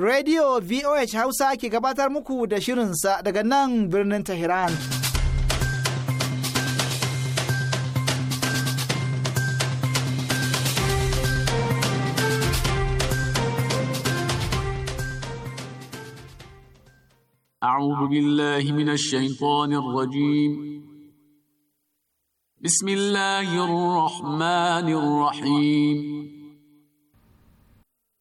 radio vih hausa ki gabatar muku da shirinsa daga nan birnin tehran. a abu biyar la himina shayin kowanne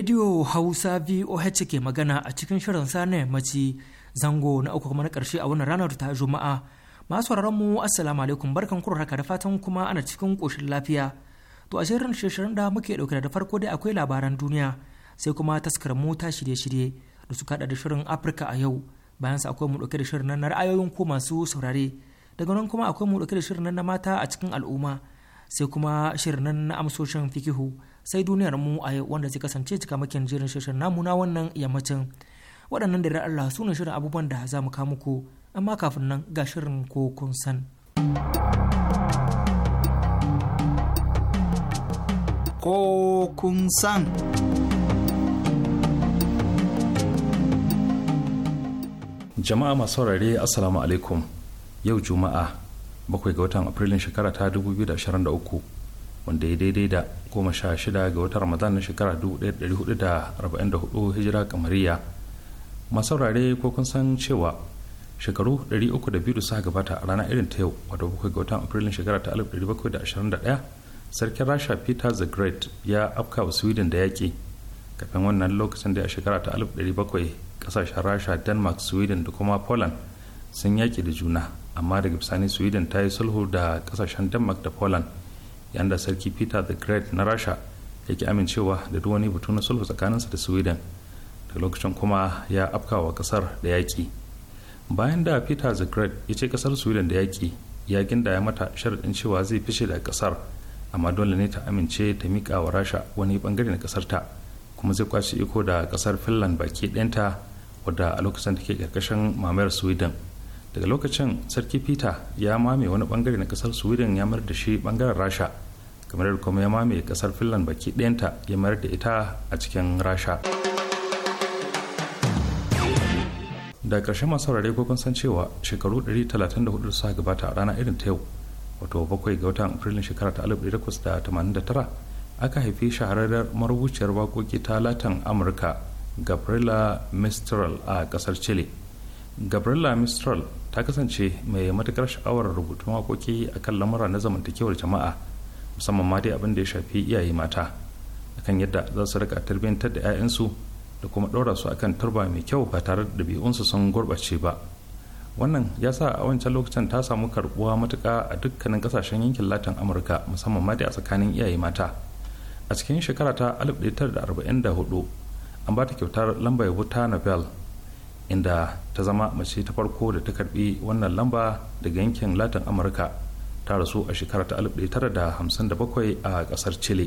Radio Hausa VOH ke magana a cikin shirin sane mace yammaci zango na uku kuma na karshe a wannan ranar ta Juma'a. Masu mu Assalamu alaikum barkan kuro haka da fatan kuma ana cikin koshin lafiya. To a shirin shirin da muke ɗauke da farko dai akwai labaran duniya sai kuma taskar mota shirye-shirye da suka da shirin Afirka a yau. Bayan sa akwai mu ɗauke da shirin na ra'ayoyin ko masu saurare. Daga nan kuma akwai mu ɗauke da shirin na mata a cikin al'umma sai kuma shirin na amsoshin fikihu. sai duniyar mu a yau wanda zai kasance cikamakin jirin shirin namu na wannan yammacin waɗannan da Allah su ne shirin abubuwan da za mu kawo muku amma kafin nan ga shirin ko kun san. Ko kun san. Jama'a masu saurare Assalamu alaikum yau Juma'a bakwai ga watan Afrilun shekara ta 2023 wanda ya daidai da goma sha shida ga watan ramadan na shekara 1444 hijira kamariya masaurare ko kun san cewa shekaru 302 da suka gabata a ranar irin ta yau wato bakwai ga watan afrilun shekara ta 1721 sarkin rasha peter the great ya afka wa sweden da yaƙi kafin wannan lokacin da a shekara ta 1700 kasashen rasha denmark sweden da kuma poland sun yaƙi da juna amma daga bisani sweden ta yi sulhu da ƙasashen denmark da poland yanda sarki peter the great na rasha yake amincewa da duk wani batu na sulhu tsakaninsa da sweden da lokacin kuma ya afkawa kasar da yaƙi bayan da peter the great ya ce kasar sweden da yaƙi ya ginda ya mata sharaɗin cewa zai fice da kasar amma dole ne ta amince ta miƙa wa rasha wani bangare na kasar ta kuma zai kwashe iko da kasar finland baki ɗayanta wadda a lokacin take ƙarƙashin mamayar sweden daga lokacin sarki peter ya mame wani bangare na kasar sweden ya mayar da shi bangaren rasha kamar da kuma ya mame kasar finland baki ɗayanta ya mayar da ita a cikin rasha da ƙarshen masu saurare ko san cewa shekaru 134 sa gabata a rana irin ta yau wato bakwai ga watan afrilun shekara ta 1889 aka haifi shahararren marubuciyar waƙoƙi ta latin amurka gabriela mistral a ƙasar chile gabriela mistral ta kasance mai matukar sha'awar rubutun waƙoƙi kan lamura na zamantakewar jama'a musamman ma dai abin da ya shafi iyaye mata kan yadda za su rika tarbiyyantar da 'ya'yansu da kuma ɗora su akan turba mai kyau ba tare da ɗabi'unsu sun gurɓace ba wannan ya sa a wancan lokacin ta samu karɓuwa matuka a dukkanin ƙasashen yankin latin amurka musamman ma dai a tsakanin iyaye mata a cikin shekara ta 1944 an ba ta kyautar lambar wuta nobel inda ta zama mace ta farko da ta karbi wannan lamba daga yankin latin amurka ta rasu a shekara ta 1957 a kasar chile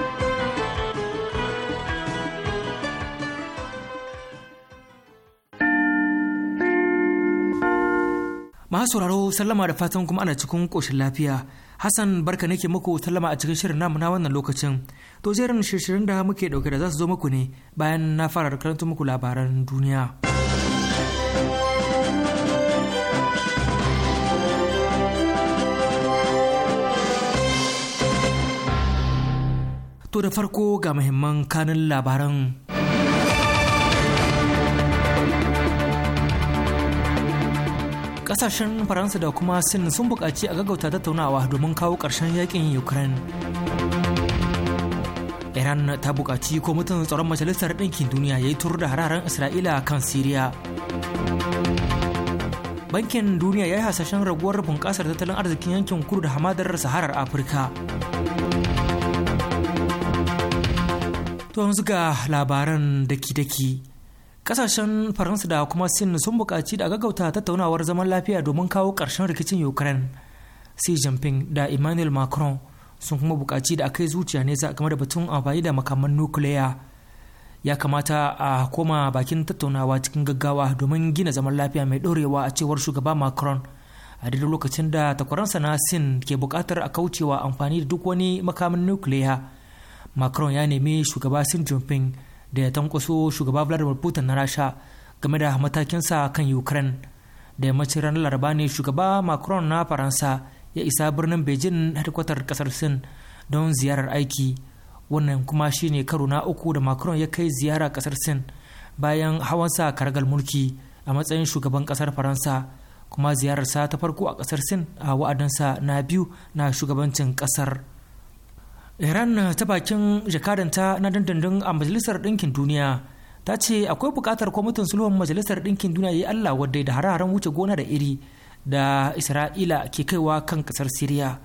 masu sauraro sallama da fatan kuma ana cikin koshin lafiya hassan barka nake muku sallama a cikin shirin namu na wannan lokacin to jerin shirin da muke dauke da za su zo muku ne bayan na fara karanta muku labaran duniya to da farko ga muhimman kanin labaran kasashen faransa da kuma sin sun buƙaci a gaggauta tattaunawa domin kawo ƙarshen yakin ukraine iran ta buƙaci kwamitin tsaron majalisar ɗinkin duniya ya yi tur da hararen isra'ila kan siriya bankin duniya ya yi hasashen raguwar bunƙasar tattalin arzikin yankin kudu da hamadar saharar afirka to yanzu ga labaran daki-daki kasashen faransa da kuma sin sun buƙaci da gaggauta tattaunawar zaman lafiya domin kawo ƙarshen rikicin ukraine si jinping da emmanuel macron sun kuma buƙaci da akai zuciya nesa game da batun amfani da makaman nukiliya ya kamata a koma bakin tattaunawa cikin gaggawa domin gina zaman lafiya mai ɗorewa a cewar shugaba macron a daidai lokacin da takwaransa na sin ke buƙatar a kaucewa amfani da duk wani makamin nukiliya macron ya nemi shugaba sin jinping da ya tankwaso shugaba vladimir putin na rasha game da matakinsa kan ukraine da ya mace ranar laraba ne shugaba macron na faransa ya isa birnin beijing hadkwatar kasar sin don ziyarar aiki wannan kuma shine karo na uku da macron ya kai ziyara kasar sin bayan hawansa karagal mulki a matsayin shugaban kasar faransa kuma ziyararsa ta farko a kasar sin a wa'adansa na biyu na shugabancin kasar iran ta bakin jakadanta na dandandan a majalisar ɗinkin duniya ta ce akwai buƙatar kwamitin sulhun majalisar ɗinkin duniya ya allah wadda da hararen wuce gona da iri da isra'ila ke kaiwa kan ƙasar siriya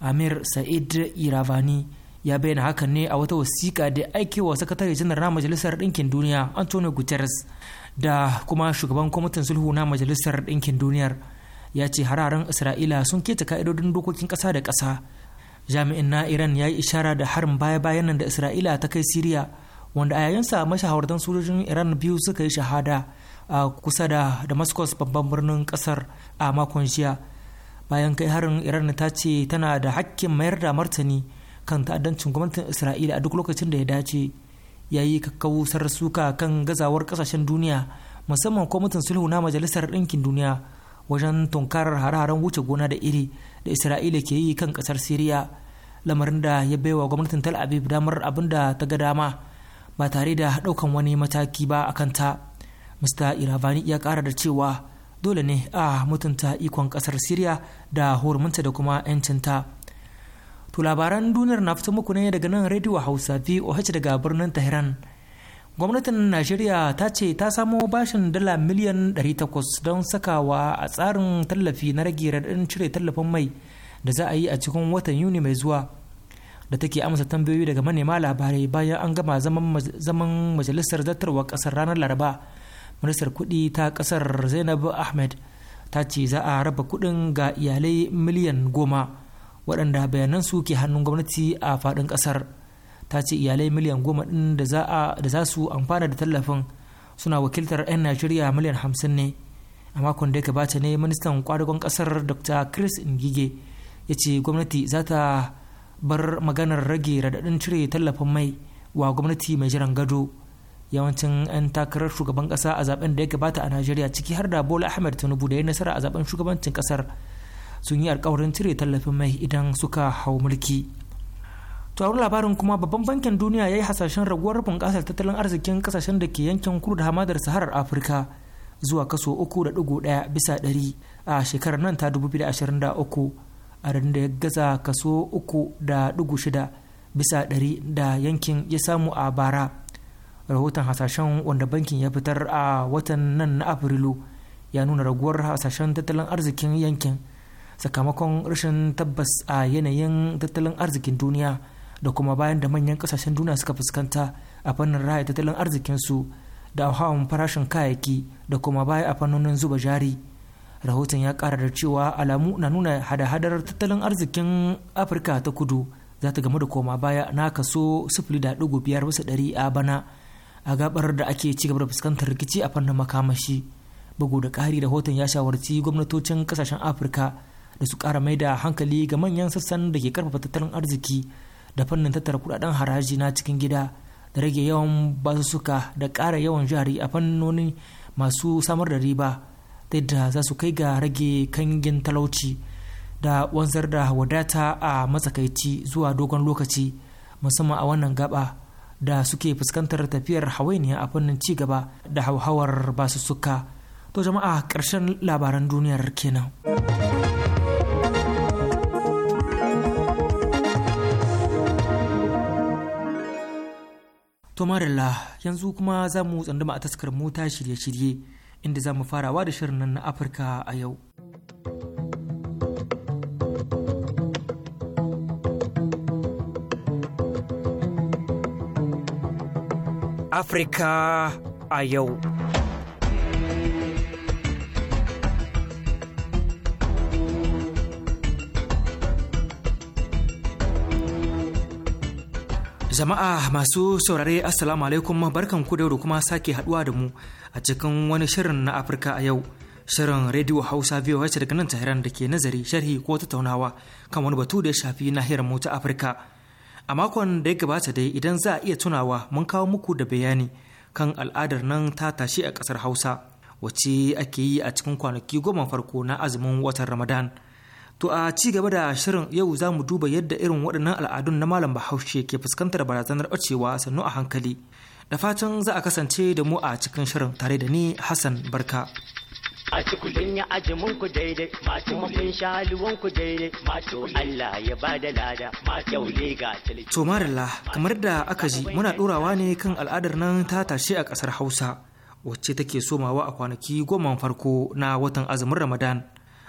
amir sa'id iravani ya bayyana hakan ne a wata wasiƙa da wa sakatare janar na majalisar ɗinkin duniya antonio guterres da kuma shugaban kwamitin sulhu na majalisar ɗinkin duniyar ya ce hararen isra'ila sun keta ka'idodin dokokin ƙasa da ƙasa jami'in na iran ya yi ishara da harin baya-bayan nan da isra'ila ta kai siriya wanda a yayinsa mashahawartan sojojin iran biyu suka yi shahada a kusa da damascus babban birnin kasar a makon jiya bayan kai harin iran ta ce tana da hakkin mayar da martani kan ta'addancin gwamnatin isra'ila a duk lokacin da ya dace ya yi kakkausar suka kan gazawar kasashen duniya musamman kwamitin sulhu na majalisar ɗinkin duniya wajen tunkarar hare-haren wuce gona da iri da isra'ila ke yi kan kasar siriya lamarin da ya baiwa gwamnatin tel aviv damar abin da ta ga dama ba tare da ɗaukan wani mataki ba a kanta mr iravani ya kara da cewa dole ne a mutunta ikon kasar siriya da hurminta da kuma 'yancinta to labaran duniyar na fito muku ne daga nan rediyo hausa voh daga birnin tehran gwamnatin najeriya ta ce ta samo bashin dala miliyan 800 don sakawa a tsarin tallafi na rage raɗin cire tallafin mai da za a yi a cikin watan yuni mai zuwa da take amsa tambayoyi daga manema labarai bayan an gama zaman majalisar zartarwa kasar ranar laraba ministar kuɗi ta kasar zainab ahmed ta ce za a raba kuɗin ga iyalai miliyan goma waɗanda bayanansu ke hannun gwamnati a faɗin ƙasar. ta ce iyalai miliyan goma ɗin da za su amfana da tallafin suna wakiltar 'yan najeriya miliyan hamsin ne a makon da ya gabata ne ministan kwadagon kasar dr chris ngige ya ce gwamnati za ta bar maganar rage radadin cire tallafin mai wa gwamnati mai jiran gado yawancin 'yan takarar shugaban kasa a zaben da ya gabata a najeriya ciki har da bola ahmed tinubu da ya nasara a zaben shugabancin kasar sun yi alkawarin cire tallafin mai idan suka hau mulki tuwar labarin kuma babban bankin duniya ya yi hasashen raguwar bunƙasar tattalin arzikin kasashen da ke yankin kudu da hamadar saharar afirka zuwa kaso 3.1 bisa ɗari a shekarar nan ta 2023 a da ya gaza kaso 3.6 bisa ɗari da yankin ya samu a bara rahoton hasashen wanda bankin ya fitar a watan nan na afrilu ya nuna raguwar hasashen tattalin arzikin yankin sakamakon rashin tabbas a yanayin tattalin arzikin duniya da kuma bayan da manyan kasashen duniya suka fuskanta a fannin raya tattalin arzikinsu da hawan farashin kayayyaki da kuma baya a fannonin zuba jari rahoton ya kara da cewa alamu na nuna hada-hadar tattalin arzikin afirka ta kudu za ta gamu da koma baya na kaso 0.5 bisa ɗari a bana a gabar da ake ci gaba da fuskantar rikici a fannin makamashi bugu da ƙari rahoton ya shawarci gwamnatocin kasashen afirka da su ƙara mai da hankali ga manyan sassan da ke karfafa tattalin arziki da fannin tattara kudaden haraji na cikin gida da rage yawan basussuka da ƙara yawan jari a fannoni masu samar da riba ta yadda za su kai ga rage kangin talauci da wanzar da wadata a matsakaici zuwa dogon lokaci musamman a wannan gaba da suke fuskantar tafiyar hawainiya a fannin cigaba da hauhawar basussuka to jama'a ƙarshen labaran duniyar kenan. To marilla yanzu kuma za mu tsanduma a taskar mota shirye-shirye inda za mu farawa da shirin nan na Afirka a yau. Afirka a yau. Jama'a masu saurare Assalamu alaikum barkan ku da kuma sake haduwa da mu a cikin wani shirin na Afirka a yau. Shirin Radio Hausa VOH daga nan Tahiran da ke nazari sharhi ko tattaunawa kan wani batu da ya shafi nahiyar mu ta Afirka. A makon da ya gabata dai idan za a iya tunawa mun kawo muku da bayani kan al'adar nan ta tashi a ƙasar Hausa wacce ake yi a cikin kwanaki goma farko na azumin watan Ramadan. To a ci gaba da shirin yau za mu duba yadda irin waɗannan al'adun na malam bahaushe ke fuskantar barazanar ɓacewa sannu a hankali. Da fatan za a kasance da mu a cikin shirin tare da ni Hassan Barka. a ci kudin ya aji ku daidai masu mafin shaluwan ku daidai masu Allah ya ba da lada masu yau ga To marilla kamar da aka ji muna ɗorawa ne kan al'adar nan ta tashe a ƙasar Hausa wacce take somawa a kwanaki goma farko na watan azumin Ramadan.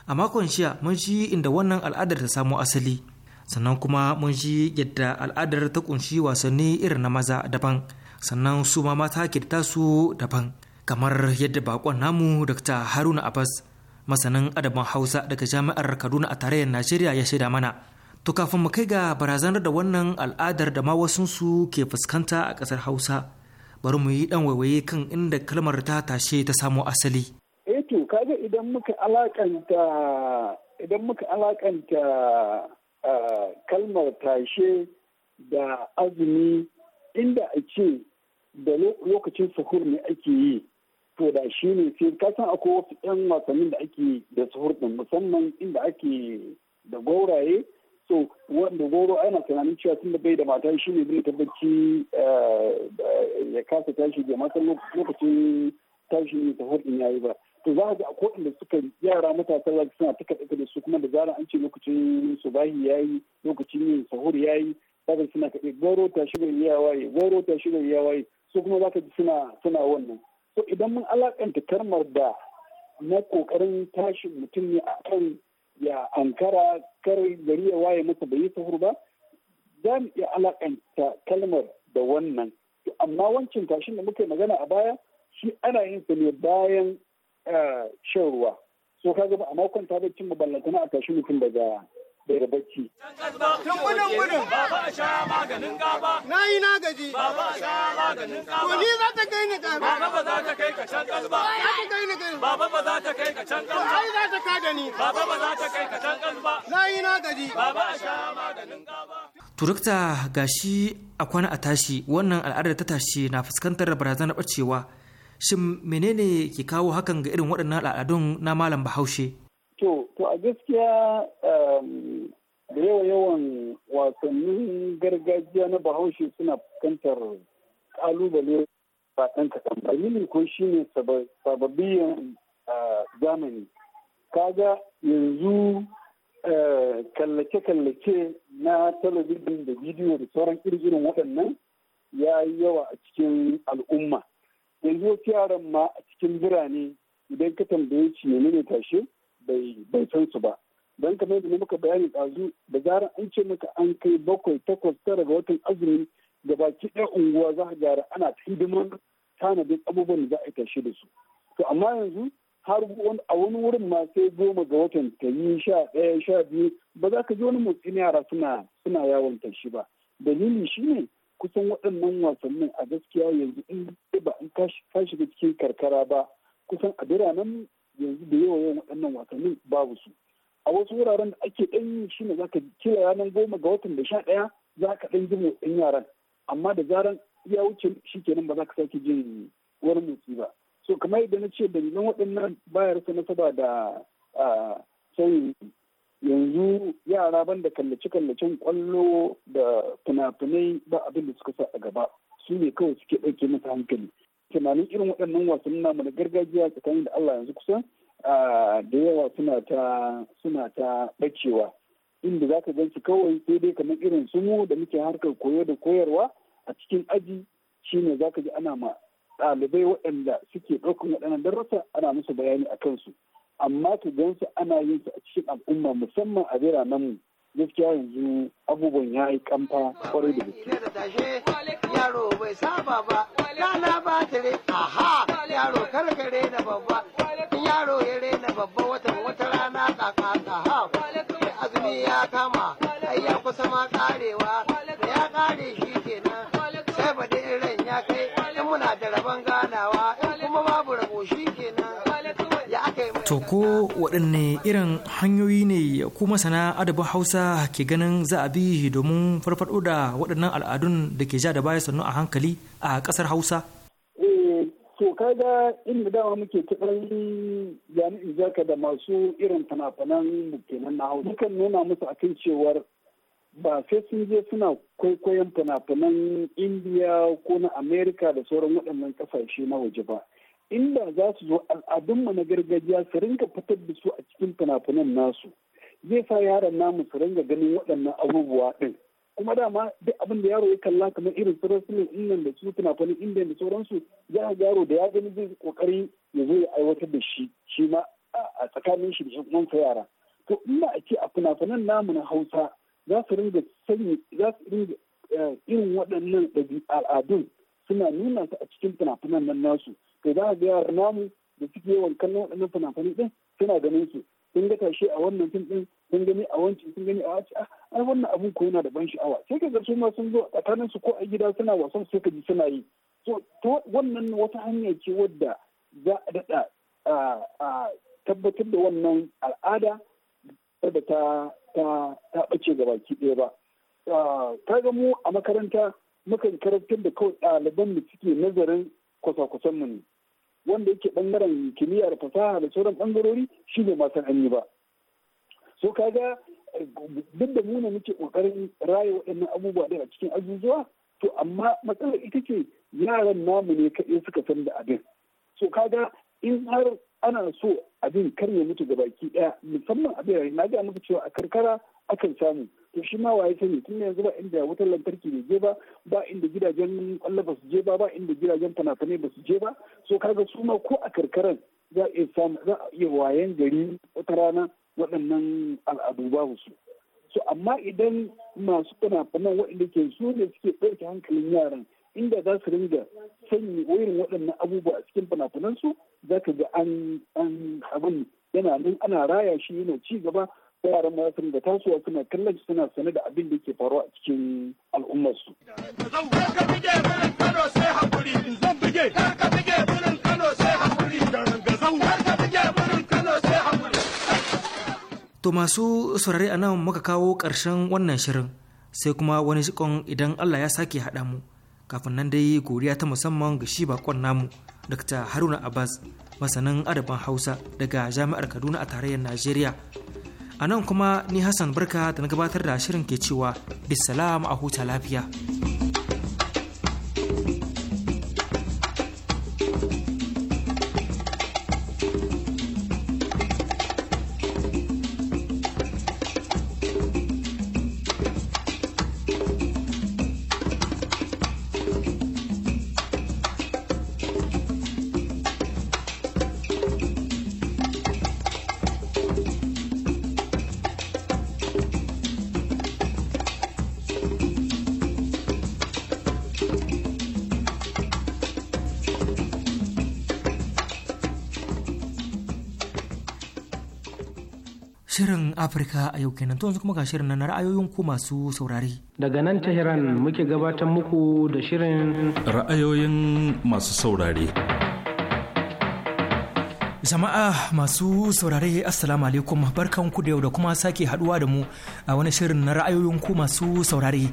a makon shiya mun ji inda wannan al'adar ta samo asali sannan kuma mun ji yadda al'adar ta kunshi wasanni irin na maza daban sannan su ma mata ke da tasu daban kamar yadda bakon namu dr haruna abbas masanin adabin hausa daga jami'ar kaduna a tarayyar najeriya ya shaida mana To kafin mu kai ga barazanar da wannan al'adar da ma wasunsu ke fuskanta a ƙasar Hausa, bari mu yi ɗan waiwaye kan inda kalmar ta tashe ta samo asali. eh to kaga idan muka alakanta idan muka alakanta eh, kalmar tashe da azumi inda a ce da lokacin suhur ne ake yi to da shi ne sai ka san akwai wasu 'yan wasannin da ake da suhur din musamman inda ake da gauraye so wanda goro ana tunanin cewa tun da bai da mata shi ne zai tabbaci eh, ya kasa tashi da matan lokacin tashi ne suhur din yi ba to za ga ko inda suka yara matasa za suna ta kaɗe da su kuma da zara an ce lokacin subahi ya yi lokacin yin sahur ya yi za ka suna kaɗe goro ta shigar ya waye goro ta shigar ya waye su kuma za ka ji suna wannan so idan mun alakanta karmar da na ƙoƙarin tashin mutum ne a kan ya ankara kar gari ya waye masa bai yi sahur ba za mu iya alaƙanta kalmar da wannan amma wancan tashin da muka yi magana a baya shi ana yin sa ne bayan shan ruwa so ka zama ba a ta baccin mu ballantana a tashi mutum daga daga bacci. Tun gudun gudun. Baba a sha maganin gaba. Na yi na gaji. Baba a sha maganin gaba. To ni za ta kai ni gaba. Baba ba za ta kai ka can gaba. Za ta kai ni gaba. Baba ba za ta kai ka can gaba. Ai za ta kada ni. Baba ba za ta kai ka can gaba. Na yi na gaji. Baba a sha maganin gaba. Turakta gashi a kwana a tashi wannan al'adar ta tashi na fuskantar barazanar ɓacewa. shin menene ke kawo hakan ga irin waɗannan al'adun na malam bahaushe to to a gaskiya um, da yawa yawan wasannin gargajiya na bahaushe suna fuskantar kalubale ba ɗan kaɗan ba yini ko ne sababbiyan zamani kaga yanzu kallace-kallace na talabijin da bidiyo da sauran irin waɗannan ya yi yawa a cikin al'umma yanzu wasu yaran ma a cikin birane idan ka tambaye shi ne ne tashe bai san su ba don kamar yadda muka bayani tsazu da zarar an ce maka an kai bakwai takwas tara ga watan azumi da baki ɗaya unguwa za a gyara ana ta hidimar tanadin abubuwan da za a tashe da su to amma yanzu har a wani wurin ma sai goma ga watan ta yi sha ɗaya sha biyu ba za ka ji wani motsin yara suna yawon tashi ba dalili shine kusan waɗannan wasannin a gaskiya yanzu in ba in ka shiga cikin karkara ba kusan a biranen yanzu da yawa yawan waɗannan wasannin babu su a wasu wuraren da ake ɗan yi shine za ka kila ranar goma ga watan da sha ɗaya za ka ɗan ji ɗan yaran amma da zaran ya wuce shi kenan ba za ka sake jin wani motsi ba so kamar yadda na ce dalilan waɗannan bayar rasa nasaba da ah, sauyin yanzu yara banda kallace-kallacen kwallo da fina ba abin da suka sa a gaba su ne kawai suke ɗauke masa hankali tunanin irin waɗannan wasannin namu na gargajiya tsakanin da Allah yanzu kusan da yawa suna ta suna ta ɓacewa inda zaka su kawai sai dai kamar irin su da muke harkar koyo da koyarwa a cikin aji shine ka ji ana ma ɗalibai waɗanda suke ɗaukan waɗannan darussa ana musu bayani a kansu amma ka gansu ana yin su a cikin al'umma musamman a biranen mu gaskiya yanzu abubuwan ya yi kamfa kwarai da gaske. yaro bai saba ba rana ba ta re aha yaro karkare na babba yaro ya rena babba wata wata rana kaka kaha azumi ya kama ai ya kusa ma karewa da ya kare shi kenan sai ba da ran ya kai in muna da rabon To ko waɗanne irin hanyoyi ne ku masana adabin Hausa ke ganin za a bi domin farfaɗo da waɗannan al'adun da ke ja da baya sannu a hankali a ƙasar Hausa? Eh, to kaga inda dawa muke kiɗan jami'in zaka da masu irin fanafanan finan mukenan na Hausa. Dukan nuna musu akan cewar ba sai sun je suna kwaikwayon fina-finan Indiya ko na Amerika da sauran waɗannan ƙasashe na waje ba. inda za su zo al'adunmu na gargajiya su rinka fitar da su a cikin fina-finan nasu zai sa yaran namu su rinka ganin waɗannan abubuwa ɗin kuma dama duk abin da yaro ya kalla kamar irin su rasulun da su fina-finan inda da sauransu za a yaro da ya gani zai kokari ya zo ya aiwatar da shi shi ma a tsakanin shi da kuma sa yara to ina a ce a fina-finan namu na hausa za su rinka sanyi za su rinka eh, irin waɗannan al'adun suna nuna su a cikin fina-finan nan nasu to za ga yara namu da suke yawan kallon waɗannan fina-finai ɗin suna ganin su sun ga tashe a wannan fim ɗin sun gani a wancan sun gani a wancan ah, ai wannan abun ko yana da ban sha'awa sai ka ga su ma sun zo tsakanin su ko a gida suna wasan sai ka ji suna yi so to wannan wata hanya ce wadda za a daɗa tabbatar da wannan al'ada da ta ta ta ɓace ga baki ɗaya ba ta ah, ga mu a makaranta mukan karantar da kawai ɗaliban da suke nazarin kwasa-kwasan mu ne wanda yake bangaren kimiyya da fasaha da sauran bangarori shi ne ma san ba so kaga duk da muna muke kokarin raye waɗannan abubuwa da a cikin azuzuwa to amma matsalar ita ce yaran namu ne kaɗai suka san da abin so kaga in har ana so abin kar ya mutu ga baki ɗaya musamman a birane na ga muku cewa a karkara akan samu to shi ma waye sani tun yanzu ba inda wutar lantarki bai je ba ba inda gidajen kwallo ba su je ba ba inda gidajen fanafane ba su je ba so kaga su ma ko a karkaran za a iya samu za a iya wayan gari wata rana waɗannan al'adu ba su so amma idan masu fina waɗanda ke su ne suke ɗauke hankalin yaran inda za su ringa sanya wayan waɗannan abubuwa a cikin fanafanansu su za ka ga an abin yana nan ana raya shi yana ci gaba yaran ma sun da tasowa suna kallon suna sane da abin da ke faruwa a cikin al'ummarsu. To masu saurari a nan muka kawo ƙarshen wannan shirin sai kuma wani shikon idan Allah ya sake haɗa mu. Kafin nan dai godiya ta musamman ga shi bakon namu Dr. Haruna Abbas masanin adaban Hausa daga Jami'ar Kaduna a tarayyar Najeriya a nan kuma ni hassan barka da na gabatar da shirin ke cewa bisalam a huta lafiya. Amurka a yau kenan to yanzu kuma ga shirin na ra'ayoyin ku masu saurare. Daga nan Tehran muke gabatar muku da shirin ra'ayoyin masu saurare. Jama'a masu saurare Assalamu alaikum barkan ku da yau da kuma sake haduwa da mu a wani shirin na ra'ayoyin ku masu saurare.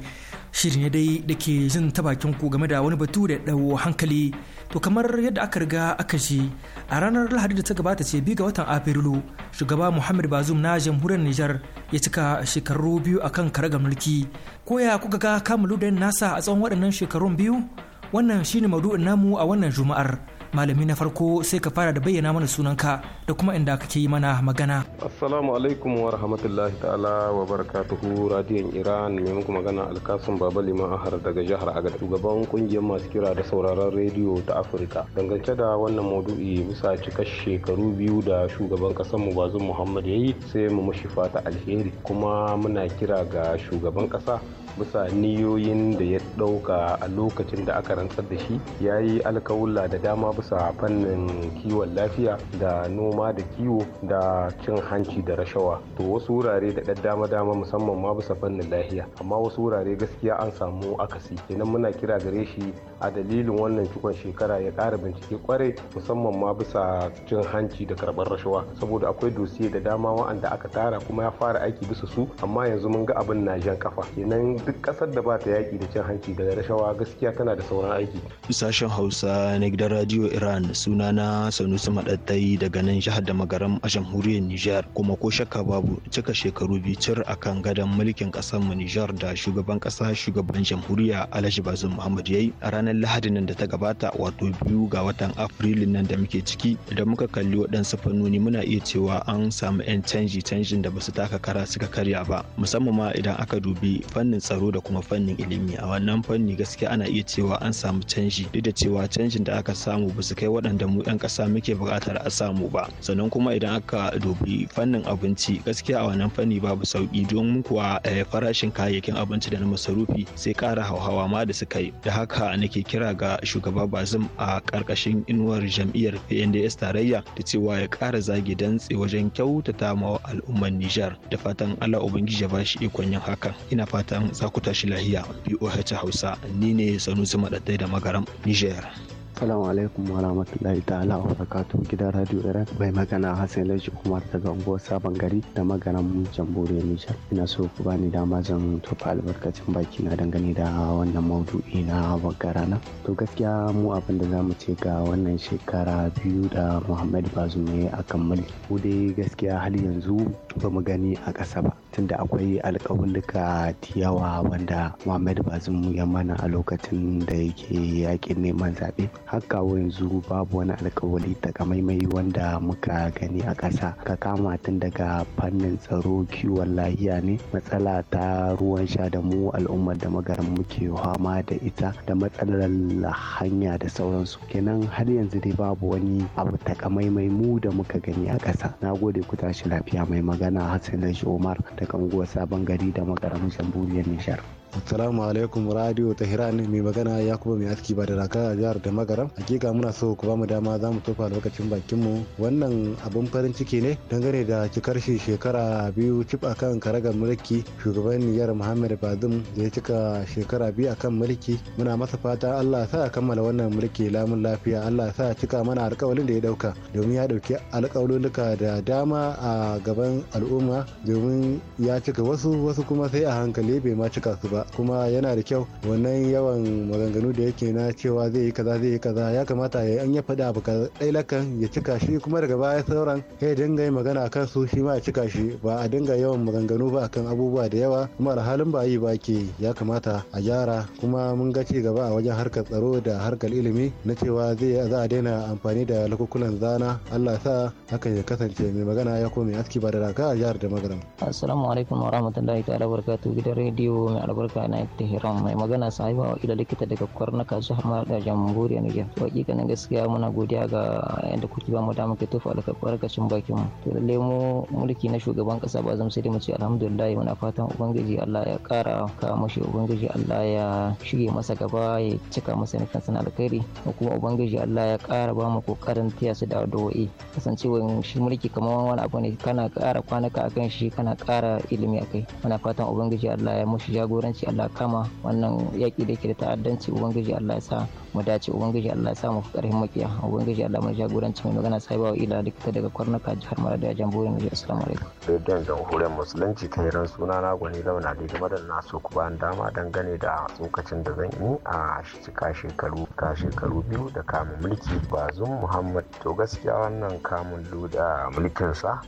Shirin ne dai da ke jin ta bakin ku game da wani batu da dawo hankali To kamar yadda aka riga aka shi a ranar Lahadi da ta gabata ce biyu ga watan Afrilu shugaba Muhammad bazum na jamhuriyar Nijar ya cika shekaru biyu a kare karagar mulki. Koya kuka ga kamalu da nasa a tsawon waɗannan shekarun biyu? Wannan shine maudu'in namu a wannan juma'ar. malami na farko sai ka fara da bayyana mana sunanka da kuma inda kake yi mana magana assalamu alaikum wa rahmatullahi ta'ala wa barakatuhu radiyon iran mai muku magana alkasun baba liman ahar daga jihar agad shugaban kungiyar masu kira da sauraron rediyo ta afirka dangance da wannan maudu'i bisa cikar shekaru biyu da shugaban kasar mu bazum muhammad ya yi sai mu mushi fata alheri kuma muna kira ga shugaban kasa bisa niyoyin da ya dauka a lokacin da aka rantsar da shi ya yi alkawulla da dama sa fannin kiwon lafiya da noma da kiwo da cin hanci da rashawa to wasu wurare da ɗan dama dama musamman ma bisa fannin lafiya amma wasu wurare gaskiya an samu akasi kenan muna kira gare shi a dalilin wannan cikon shekara ya kara bincike kwarai musamman ma bisa cin hanci da karbar rashawa saboda akwai dosiye da dama wa'anda aka tara kuma ya fara aiki bisa su amma yanzu mun ga abin na jan kafa kenan duk ƙasar da ba ta yaƙi da cin hanci da rashawa gaskiya tana da sauran aiki. Sashen Hausa na gidan Radio Iran sunana Sanusi Maɗattai daga nan jihar da magaram a jamhuriyar Nijar kuma ko shakka babu cika shekaru biyu cir kan gadon mulkin ƙasar mu Nijar da shugaban ƙasa shugaban jamhuriya Alhaji Bazum Muhammad yayi a ranar ranar lahadin nan da ta gabata wato biyu ga watan Afrilun nan da muke ciki idan muka kalli waɗansu fannoni muna iya cewa an samu 'yan canji canjin da basu taka kara suka karya ba musamman ma idan aka dubi fannin tsaro da kuma fannin ilimi a wannan fanni gaskiya ana iya cewa an samu canji duk da cewa canjin da aka samu ba su kai waɗanda mu 'yan ƙasa muke buƙatar a samu ba sannan kuma idan aka dubi fannin abinci gaskiya a wannan fanni babu sauki don kuwa eh, farashin kayayyakin abinci da na masarufi sai ƙara hauhawa ma da suka yi da haka nake kira ga shugaba bazum a karkashin inuwar jam'iyyar pnds tarayya da cewa ya kara zagi dantse wajen kyautata ma al'ummar nijar da fatan allah ubangiji ya bashi ikon yin hakan ina fatan za ku tashi lahiya boh hausa ni ne sanusi madadai da magaram nijar Assalamu alaikum wa rahmatullahi ta'ala wa barakatuh gidan Radio Iran bai magana Hassan Laji Umar daga unguwar Sabon Gari da maganan jamhuriyar Nijar. Ina so ku bani dama zan tofa albarkacin baki na dangane da wannan maudu'i na bagara na. To gaskiya mu abin da zamu ce ga wannan shekara biyu da Muhammad Bazoum ne akan mulki. Ku dai gaskiya hali yanzu ba mu gani a ƙasa ba tunda akwai alƙawulluka da yawa wanda muhammad bazum ya mana a lokacin da yake yakin neman zaɓe haka yanzu babu wani alƙawali takamaimai wanda muka gani a ƙasa ka kama tun daga fannin tsaro kiwon lahiya ne matsala ta ruwan sha da mu al'ummar da magaran muke fama da ita da matsalar hanya da sauransu kenan har yanzu dai babu wani abu takamaimai mu da muka gani a ƙasa na gode ku tashi lafiya mai magana magana Hassan Umar daga unguwar Sabon Gari da magaram Jamhuriyar Nijar. Assalamu alaikum radio Tehran mai magana Yakubu mai aski ba da raka a jihar da magaram. Hakika muna so ku bamu dama za mu tofa lokacin bakin mu. Wannan abun farin ciki ne dangane da cikar shi shekara biyu cif akan karagar mulki shugaban niyyar Muhammad Bazum da ya cika shekara biyu akan mulki. Muna masa fata Allah sa ya kammala wannan mulki lamun lafiya Allah sa ya cika mana alkawalin da ya dauka domin ya ɗauki alkawalolluka da dama a gaban al'umma domin ya cika wasu wasu kuma sai a hankali bai ma cika su ba. kuma yana da kyau wannan yawan maganganu da yake na cewa zai yi kaza zai yi kaza ya kamata ya an ya faɗi abu kaɗai lakan ya cika shi kuma daga baya sauran ya dinga yin magana akan su shi ma ya cika shi ba a dinga yawan maganganu ba akan abubuwa da yawa kuma halin ba yi ba ke ya kamata a gyara kuma mun ga ci gaba a wajen harkar tsaro da harkar ilimi na cewa zai za a daina amfani da lokukulan zana Allah sa hakan ya kasance mai magana ya kome aski ba da raka a jihar da magaram. Assalamu alaikum wa rahmatullahi ta'ala barakatu gidan rediyo mai albarka shafa na hiran mai magana sahiba wa ila likita daga kwarna kasu hamar da jamhuriyar niger to hakika na gaskiya muna godiya ga yadda kuke ba mu da muke tofa albarkacin bakin mu to lalle mu mulki na shugaban kasa ba zan sai mu ce alhamdulillah muna fatan ubangiji Allah ya kara ka mashi ubangiji Allah ya shige masa gaba ya cika masa nikan sana alkhairi kuma ubangiji Allah ya kara ba mu kokarin tiya su da addu'o'i kasancewa shi mulki kamar wani abu ne kana kara kwanaka akan shi kana kara ilimi akai muna fatan ubangiji Allah ya mushi jagoranci ubangiji Allah kama wannan yaƙi da ke da ta'addanci ubangiji Allah ya sa mu dace ubangiji Allah ya sa mu karfin makiya ubangiji Allah mu jagoranci mai magana sai bawa ila likita daga kwarnaka jihar Maradi jamhuriyar mai assalamu alaikum rediyon jamhuriyar musulunci ta hirar suna na gwani launa da game da na so ku ba dama dangane da tsokacin da zan yi a cika shekaru ka shekaru biyu da kamun mulki bazum muhammad to gaskiya wannan kamun luda sa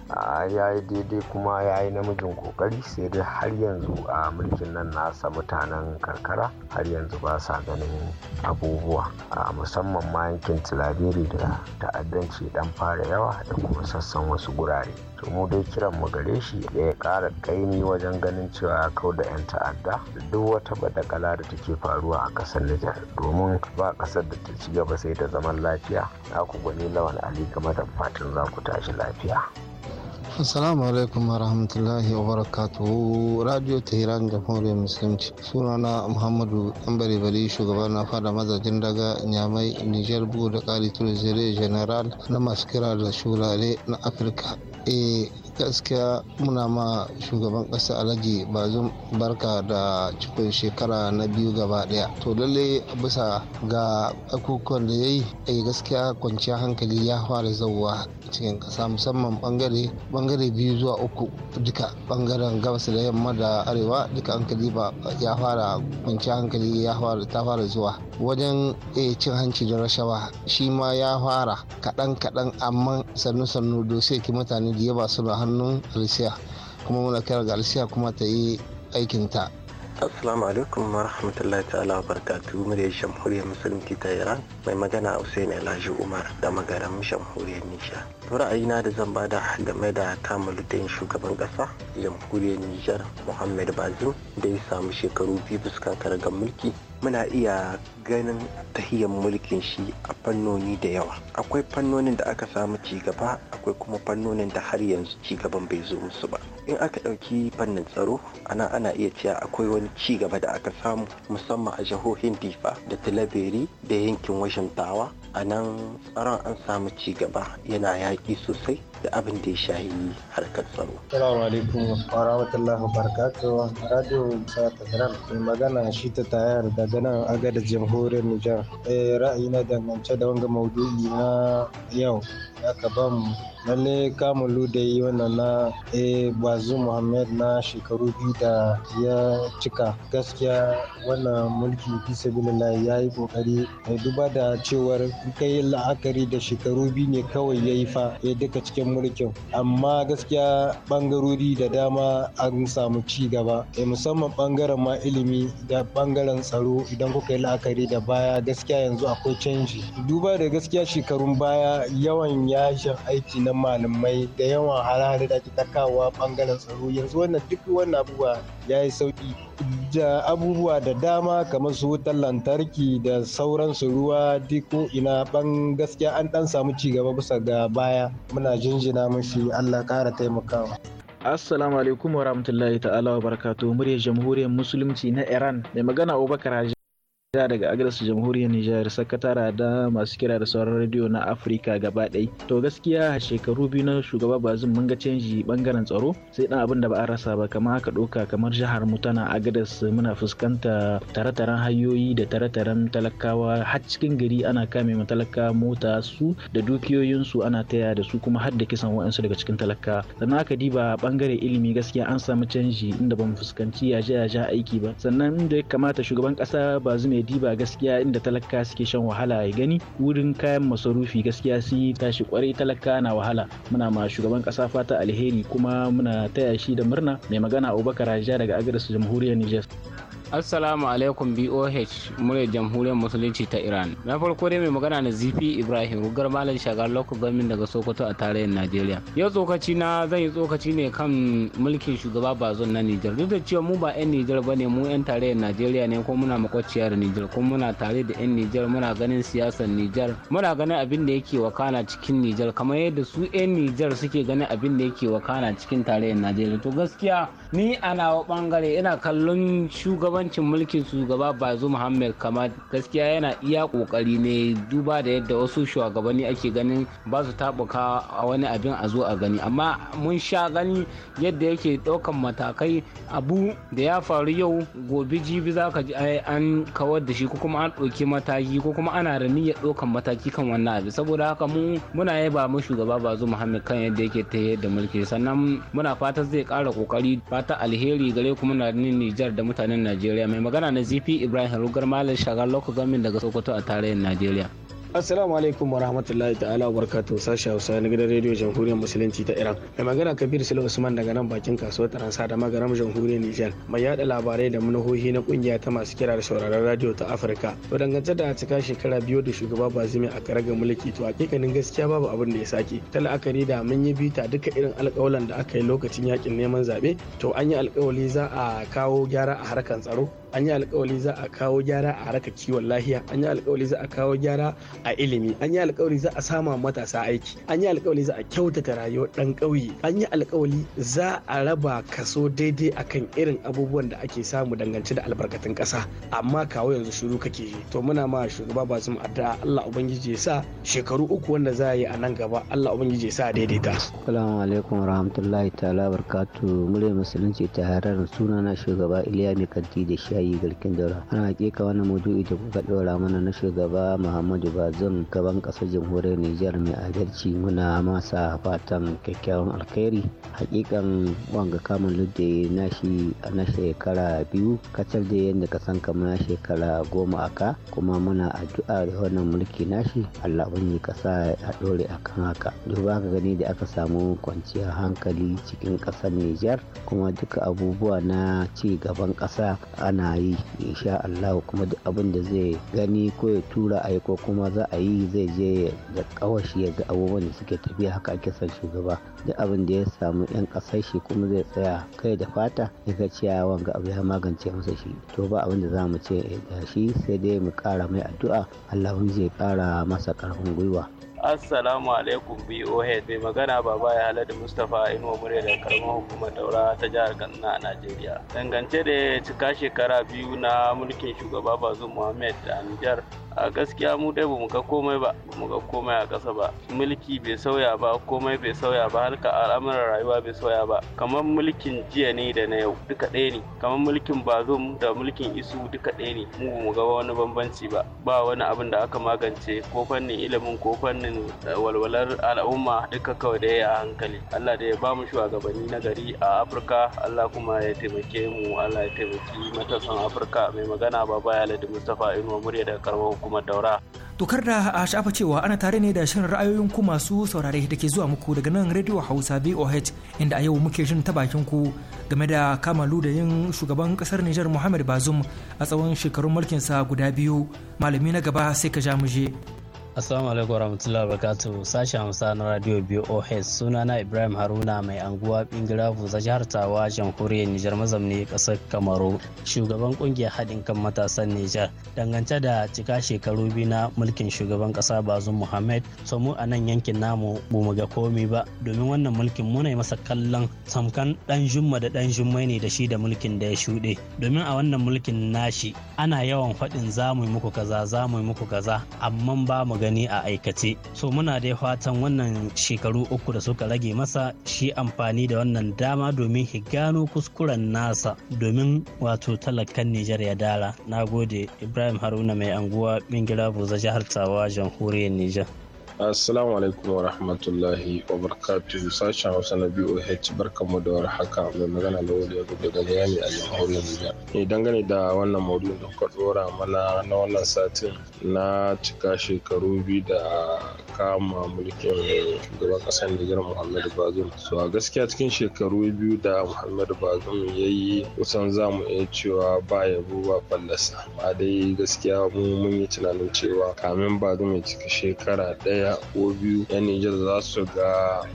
ya yi daidai kuma ya yi namijin kokari sai dai har yanzu a mulkin nan na sa mutanen karkara har yanzu ba sa ganin abubuwa a musamman ma yankin tilabiri da ta'addanci dan fara yawa da kuma sassan wasu gurare to mu dai kiran mu gare shi ya kara kaini wajen ganin cewa ya kau da 'yan ta'adda duk wata badakala da take faruwa a ƙasar Nijar domin ba kasar da ta ci gaba sai ta zaman lafiya za ku gwani lawan Ali game da fatan za ku tashi lafiya. Assalamu alaikum warahmatullahi wabarakatuhu Radio Tehran Jamhuriyar Musulunci. Sunana Muhammadu Ɗanbare shugaban na fada mazajin daga Nyamai niger bugu da ƙari Tunisire General na masu kira da shurare na Afirka. E gaskiya muna ma shugaban ƙasa alhaji bazum barka da cikin shekara na biyu gaba daya to lalle bisa ga akukan da ya yi eh gaskiya kwanciyar hankali ya fara zauwa cikin ƙasa musamman bangare bangare biyu zuwa uku duka bangaren gabas da yamma da arewa duka hankali ba ya fara kwanciyar hankali ya fara ta fara zuwa wajen eh cin hanci da rashawa shi ma ya fara kaɗan kaɗan amma sannu sannu dosai ki mutane da yaba suna hannun alisiya kuma muna kira ga alisiya kuma ta yi aikinta Assalamu alaikum wa rahmatullahi ta'ala wa barakatuhu muryar jamhuriyar musulunci ta Iran mai magana Hussein Elaji Umar da magaran shamhuriyar Nisha. ra'ayina da zan bada game da kama lutayin shugaban kasa jamhuriyar nijar muhammad bazin da ya samu shekaru biyu fuskantar ga mulki muna iya ganin tahiyar mulkin shi a fannoni da yawa akwai fannonin da aka samu cigaba akwai kuma fannonin da har yanzu cigaban bai zo musu ba in aka ɗauki fannin tsaro ana ana iya cewa akwai wani cigaba da aka samu musamman a jihohin difa da tilaberi da yankin washin tawa. a nan ran an samu ci gaba yana yaƙi sosai da abin da ya shahi harkar tsaro. Salamu alaikum wa rahmatullahi wa barakatuh. Radio gram mai magana shi ta tayar daga nan da jamhuriyar Nijar. Eh, ra'ayi na dangance da wanga maudu'i na yau ya ka bamu lalle kamun yi wannan na bazu eh, muhammad na shekaru biyu da ya cika gaskiya wannan mulki fisabilillahi ya yi kokari mai duba da cewar kai la'akari da shekaru biyu ne kawai ya yi fa ya eh, duka cikin mara amma gaskiya bangarori da dama an samu ci gaba eh, musamman bangaren ma ilimi da bangaren tsaro idan kuka yi la'akari da baya gaskiya yanzu akwai canji duba da gaskiya shekarun baya yawan yashin aiki na malamai da yawan hare da ake takawa bangaren tsaro yanzu wannan duk wannan abubuwa ya yi sauki da abubuwa da dama kamar su wutar lantarki da sauransu ruwa duk ina ban gaskiya an dan samu ci gaba bisa ga baya muna jinjina mashi allah kara taimakawa Assalamu alaikum wa rahmatullahi ta'ala wa barakatuh muryar jamhuriyar musulunci na Iran mai magana Abubakar da daga Agnes jamhuriyar nijar sakatara da masu kira da sauran rediyo na afirka gaba ɗai to gaskiya a shekaru biyu na shugaba bazum mun ga canji bangaren tsaro sai dan abin da ba a rasa ba kamar aka ɗauka kamar jihar mu tana muna fuskanta tare-taren hanyoyi da tare talakawa har cikin gari ana kame ma talaka mota su da dukiyoyinsu ana taya da su kuma har da kisan wa'ansu daga cikin talaka sannan aka diba bangare ilimi gaskiya an samu canji inda ba mu fuskanci yaje-yaje aiki ba sannan da ya kamata shugaban kasa ba diba gaskiya inda talaka suke shan wahala ya gani wurin kayan masarufi gaskiya sun yi tashi kwarai talaka na wahala muna ma shugaban kasa fata alheri kuma muna taya shi da murna mai magana abubakar hajja daga agadas jamhuriyar niger Assalamu alaikum BOH mure jamhuriyar musulunci ta Iran. Na farko dai mai magana na Zifi Ibrahim Rugar Malam Shagar local government daga Sokoto a tarayyar Najeriya. Yau tsokaci na zan yi tsokaci ne kan mulkin shugaba Bazon na Nijar. Duk da cewa mu ba 'yan Nijar ba ne mu 'yan tarayyar Najeriya ne ko muna makwabciya da Nijar kuma muna tare da 'yan Nijar muna ganin siyasar Nijar muna ganin abin da yake wakana cikin Nijar kamar yadda su 'yan Nijar suke ganin abin da yake wakana cikin tarayyar Najeriya. To gaskiya ni a nawa bangare ina kallon shugabancin mulkin shugaba bazu muhammad kama gaskiya yana iya kokari ne duba da yadda wasu shugabanni ake ganin ba su tabuka a wani abin a zo a gani amma mun sha gani yadda yake daukan matakai abu da ya faru yau gobe jibi za ka ji an kawar da shi ko kuma an ɗauki mataki ko kuma ana da niyyar ɗaukan mataki kan wannan abu saboda haka mu muna yaba mu shugaba bazu muhammad kan yadda yake ta da mulki sannan muna fatan zai ƙara kokari fata alheri gare kuma na Nijar da mutanen Najeriya mai magana na ZP Ibrahim Rugar Malam Shagar Local Government daga Sokoto a tarayyar Najeriya. Assalamu alaikum wa rahmatullahi ta'ala wa barakatuhu sashi Hausa na gidan rediyo Jamhuriyar Musulunci ta Iran. Mai magana Kabir Sule Usman daga nan bakin kasuwar Taransa da magaram Jamhuriyar Nijar. Mai yada labarai da manahohi na kungiya ta masu kira da sauraron radio ta Afirka. To dangance da cika shekara biyu da shugaba Bazumi a kare ga mulki to hakikanin gaskiya babu abin da ya sake. Ta la'akari da mun yi bita duka irin alƙawalan da aka yi lokacin yakin neman zabe to an yi alƙawali za a kawo gyara a harkan tsaro an yi alkawari za a kawo gyara a harkar kiwon lahiya an yi alkawari za a kawo gyara a ilimi an yi alkawari za a sama matasa aiki an yi alkawari za a kyautata rayuwar dan ƙauye an yi alkawari za a raba kaso daidai akan irin abubuwan da ake samu dangance da albarkatun ƙasa amma kawo yanzu shiru kake yi to muna ma shugaba ba su addu'a Allah ubangiji ya sa shekaru uku wanda za a yi a nan gaba Allah ubangiji ya sa daidaita assalamu alaikum rahmatullahi ta'ala barkatu muryar musulunci ta harar sunana shugaba Iliya Mikanti da shayi yi garkin dara ana hakika wannan maudu'i da kuka ɗora mana na shugaba muhammadu bazum gaban ƙasar jamhuriyar nijar mai adalci muna masa fatan kyakkyawan alkhairi hakikan wanga kamun ludde na shi na shekara biyu kacal da yadda ka san kamar shekara goma aka kuma muna addu'a da wannan mulki nashi allah kasa ka sa a ɗore akan haka duba ka gani da aka samu kwanciyar hankali cikin ƙasar nijar kuma duka abubuwa na ci gaban ƙasa ana ana yi insha Allah kuma duk abin da zai gani ko ya tura a ko kuma za a yi zai je da kawashi ya ga abubuwan da suke tafiya haka ake son shugaba duk abin da ya samu yan kasar shi kuma zai tsaya kai da fata ya ga cewa wanga abu ya magance masa shi to ba abin da za mu ce da eh, shi sai dai mu kara mai addu'a Allah zai kara masa karfin gwiwa assalamu alaikum boh mai magana baba ya haladu mustapha inuwa murya da karamar hukumar daura ta jihar kaduna a najeriya dangance da cika shekara biyu na mulkin shugaba Bazoum muhammad a nijar a gaskiya mu dai bamu ga komai ba bamu ga komai a ƙasa ba mulki bai sauya ba komai bai sauya ba harka al'amuran rayuwa bai sauya ba kamar mulkin jiya ne da na yau duka ɗaya ne kamar mulkin bazum da mulkin isu duka ɗaya ne mu bamu ga wani bambanci ba ba wani abin da aka magance ko fannin ilimin ko fannin eh, walwalar al'umma duka kawai da a hankali Allah da ya bamu shugabanni na gari a Afirka Allah kuma ya taimake mu Allah ya taimaki matasan Afirka mai magana baba ya Ladi Mustapha Inuwa murya daga karamar kuma daura. Tokar da a shafa cewa ana tare ne da shirin ra'ayoyin ku masu saurare da ke zuwa muku daga nan Radio Hausa VOH inda a yau muke jin ta bakin ku game da kamalu da yin shugaban kasar Nijar Muhammad Bazum a tsawon shekarun mulkinsa guda biyu malami na gaba sai ka ja muje. Assalamu alaikum warahmatullahi wabarakatuh sashen hamsa na Radio BOH suna na Ibrahim Haruna mai anguwa Bingira za jihar Tawa jamhuriyar Nijar mazamni kasar Kamaru shugaban kungiyar haɗin kan matasan Nijar dangance da cika shekaru biyu na mulkin shugaban ƙasa Bazum Muhammad so mu a nan yankin namu bu mu ga komi ba domin wannan mulkin muna yi masa kallon samkan Ɗan jumma da ɗan jummai ne da shi da mulkin da ya shuɗe domin a wannan mulkin nashi ana yawan faɗin za mu yi muku kaza za mu yi muku kaza amma ba mu gani a aikace so muna dai fatan wannan shekaru uku da suka rage masa shi amfani da wannan dama domin gano kuskuren nasa domin wato talakan nijar ya dara na gode ibrahim haruna mai anguwa bingira buza jihar tawa jamhuriyar nijar Assalamu alaikum wa rahmatullahi wa barakatuh sashen Hausa na BOH barkamu da war haka mai magana da wuri yau daga Miami a jamhuriyar Nijar. Ni eh, dangane da wannan maudu da kuka dora mana na wannan satin na cika shekaru biyu da kama mulkin gaban kasar Nijar Muhammadu Bazoum. So a gaskiya cikin shekaru biyu da Muhammadu Bazoum ya yi kusan za mu iya cewa ba yabo ba fallasa. Ma dai gaskiya mun yi tunanin cewa kamin Bazoum ya cika shekara ɗaya ɗaya ko biyu 'yan Nijar za su ga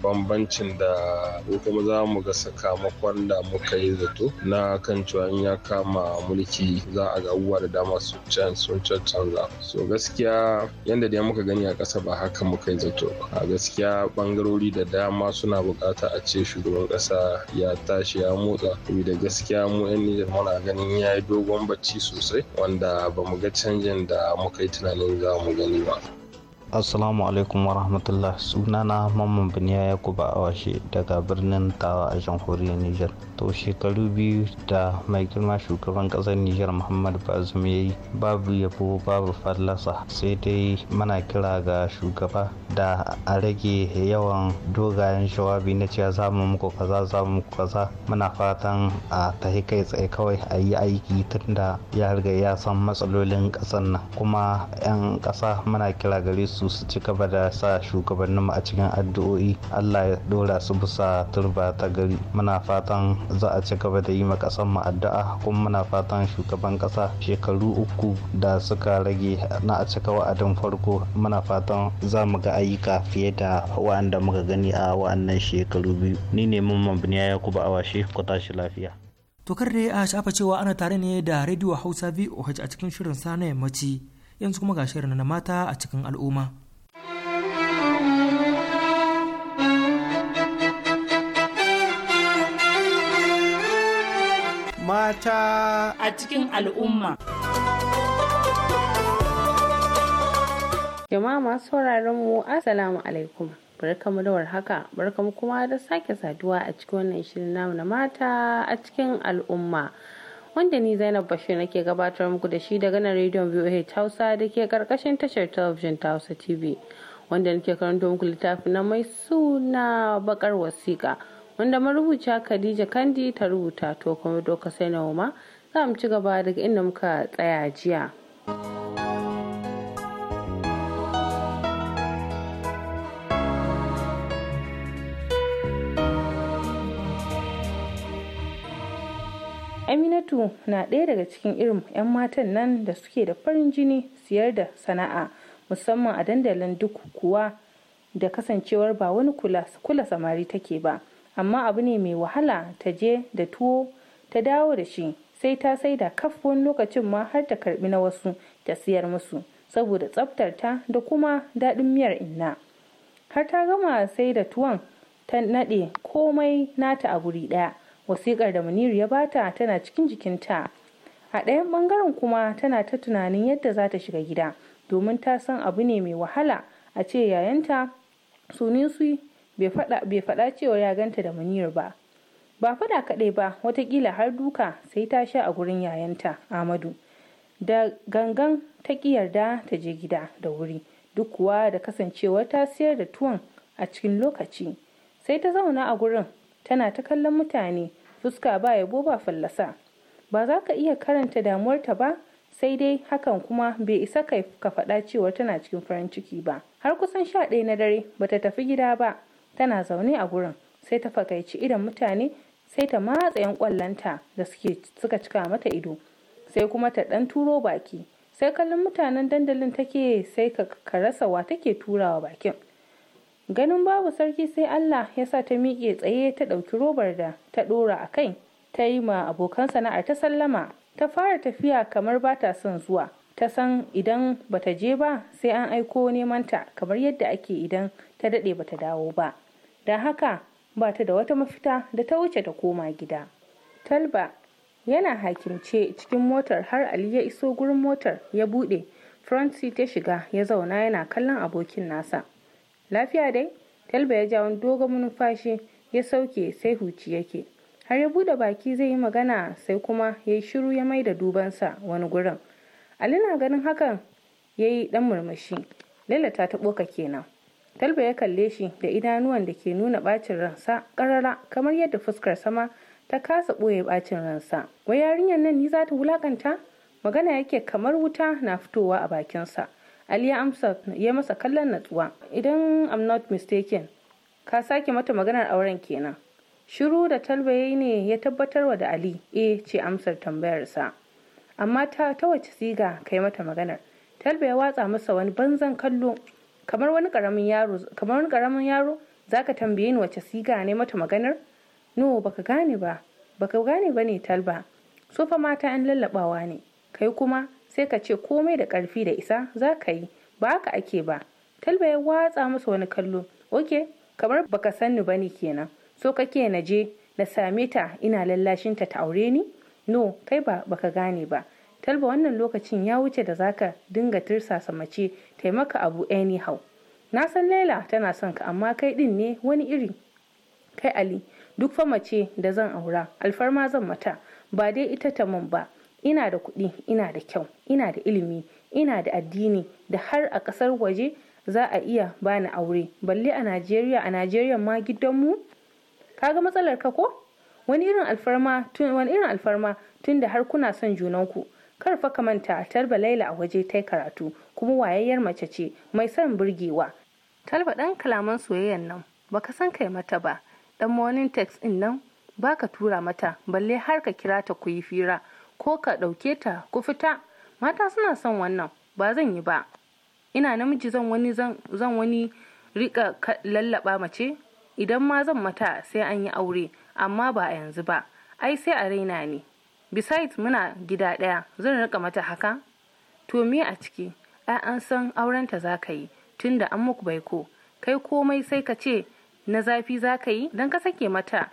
bambancin da ko kuma za mu ga sakamakon da muka yi zato na kan cewa in ya kama mulki za a ga abubuwa da dama su can sun canza so gaskiya yadda da muka gani a ƙasa ba haka muka yi zato a gaskiya bangarori da dama suna bukata a ce shugaban ƙasa ya tashi ya motsa da gaskiya mu 'yan Nijar muna ganin ya yi dogon bacci sosai wanda ba mu ga canjin da muka yi tunanin za mu gani ba assalamu alaikum wa rahmatullah sunana mamman biniya yakuba awashe daga birnin tawa a jamhuriyar nijar to shekaru biyu da mai girma shugaban ƙasar nijar muhammad bazum ya yi babu yabo babu fallasa sai dai mana kira ga shugaba da a rage yawan dogayen jawabi na cewa za mu muku kaza za mu muku kaza muna fatan a tahi kai tsaye kawai a yi aiki tunda ya riga ya san matsalolin ƙasar nan kuma 'yan ƙasa muna kira gare su su ci gaba da sa shugabanninmu a cikin addu'o'i allah ya dora su bisa turba ta gari muna fatan za a ci gaba da yi ma kasan mu addu'a kuma muna fatan shugaban kasa shekaru uku da suka rage na a cika wa'adin farko muna fatan za mu ga ayyuka fiye da wa'anda muka gani a wa'annan shekaru biyu ni ne ma biniya ya ba awashe ku tashi lafiya tokar da a shafa cewa ana tare ne da rediyo hausa voh a cikin shirin sa na yammaci yanzu kuma ga shirin na mata a cikin al'umma mata a cikin al'umma. Jama'a masu sauraron mu Assalamu alaikum. Barkamu da warhaka, barkamu kuma da sake saduwa a cikin wannan shirin namu na mata a cikin al'umma. Wanda ni Zainab Bashir nake gabatar muku da shi daga nan rediyon VOH Hausa da ke karkashin tashar talabijin ta Hausa TV. Wanda nake karanto muku littafin na mai suna bakar wasiƙa. wanda marubuciya Khadija Kandi ta rubuta to kuma doka sai Nahuma za mu ci gaba daga inda muka tsaya jiya. Aminatu na ɗaya daga cikin irin 'yan matan nan da suke da farin jini siyar da sana'a musamman a dandalin duk kuwa da kasancewar ba wani kula samari take ba. amma abu ne mai wahala ta je da tuwo ta dawo da shi sai ta saida kaf wani lokacin ma har ta karbi na wasu ta siyar musu saboda tsabtarta da kuma daɗin miyar inna har ta gama sai da tuwon ta naɗe komai nata a guri ɗaya wasiƙar da muniru ya bata tana cikin jikinta a ɗayan ɓangaren kuma tana ta tunanin yadda za ta shiga gida domin ta san abu ne mai wahala a ce yayanta su bai faɗa cewa ya ganta da munir ba ba faɗa kaɗai ba watakila har duka sai ta sha a gurin yayanta amadu da gangan ta ƙi yarda ta je gida da wuri duk kuwa da kasancewar ta siyar da tuwon a cikin lokaci sai ta zauna a gurin tana ta kallon mutane fuska ba yabo ba fallasa ba za ka iya karanta damuwarta ba sai dai hakan kuma bai isa ka faɗa cewar tana cikin farin ciki ba har kusan sha ɗaya na dare bata tafi gida ba tana zaune a gurin sai ta fakaici idan mutane sai ta matsa yan kwallonta da suka cika mata ido sai kuma ta dan turo baki sai kallon mutanen dandalin take sai ka rasawa take turawa bakin ganin babu sarki sai allah ya sa ta miƙe tsaye ta ɗauki robar da ta ɗora a kai ta yi ma abokan sana'ar ta sallama ta fara tafiya kamar ba ta son zuwa ta san idan bata je ba sai an aiko neman ta kamar yadda ake idan ta daɗe bata dawo ba da haka ba ta da wata mafita da ta wuce ta koma gida talba yana hakimce cikin motar har ali ya iso gurin motar ya buɗe seat ta shiga ya zauna yana kallon abokin nasa lafiya dai talba ya ja wani dogon numfashi ya sauke sai huci yake har ya buɗe baki zai yi magana sai kuma ya yi shiru ya mai da dubansa wani gurin ali na ganin hakan ya yi ɗan murmushi lalata ta ɓoka kenan talba ya kalle shi da idanuwan da ke nuna bacin ransa karara kamar yadda fuskar sama ta kasa ɓoye bacin ransa wai yarinyar nan ni za ta wulakanta magana yake kamar wuta na fitowa a bakinsa ali ya amsa ya masa kallon natsuwa idan i'm not mistaken ka sake mata maganar auren kenan shiru da talba ya ne ya tabbatar wa da ali eh ce amsar tambayarsa amma ta ta wace siga kai mata maganar talba ya watsa masa wani banzan kallo kamar wani karamin yaro kamar wani karamin yaro zaka tambaye ni wace siga ne mata maganar no baka gane ba baka gane ba talba so fa mata an lallabawa ne kai kuma sai ka ce komai da karfi da isa zaka yi ba haka ake ba talba ya watsa masa wani kallo oke kamar baka ni bane kenan so kake na je na same ta ina lallashinta ta aure ni no kai ba baka gane ba talba wannan lokacin ya wuce da zaka dinga tirsasa mace taimaka abu anyhow na san laila tana son ka amma kai din ne wani iri kai ali duk fa mace da zan aura alfarma zan mata ba dai ita ta mun ba ina da kuɗi ina da kyau ina da ilimi ina da addini da har a ƙasar waje za a iya bani aure balle a najeriya a najeriya ma gidanmu kaga matsalar ka ko wani irin alfarma tun wani irin alfarma tun da har kuna son junanku kar fa ka manta tarba laila a waje ta karatu kuma wayayyar mace ce mai son burgewa talba dan kalaman soyayyan nan baka san kai mata ba dan morning text din nan baka tura mata balle har ka kira ta ku yi fira ko ka dauke ta ku fita mata suna son wannan ba zan yi ba ina namiji zan wani zan wani rika lallaba mace idan ma zan mata sai an yi aure amma ba a yanzu ba ai sai a raina ne besides muna gida ɗaya zan rika mata haka to me a ciki ai an san aurenta za ka yi tunda an muku baiko kai komai sai ka ce na zafi zaka yi don ka sake mata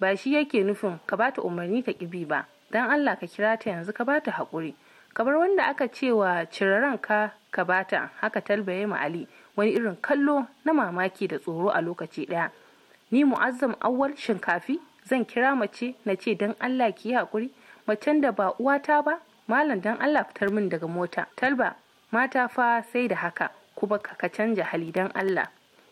ba shi yake nufin ka ba ta umarni ta kibi ba don allah ka kira ta yanzu ka ba ta haƙuri kamar wanda aka cewa wa ka ka bata haka talbaye ma ali wani irin kallo na mamaki da tsoro a lokaci ɗaya ni mu'azzam awwal shinkafi zan kira mace na ce don allah ki yi haƙuri macen da ba uwata ba malam dan Allah fitar min daga mota talba mata fa sai da haka kuma ka canja hali dan Allah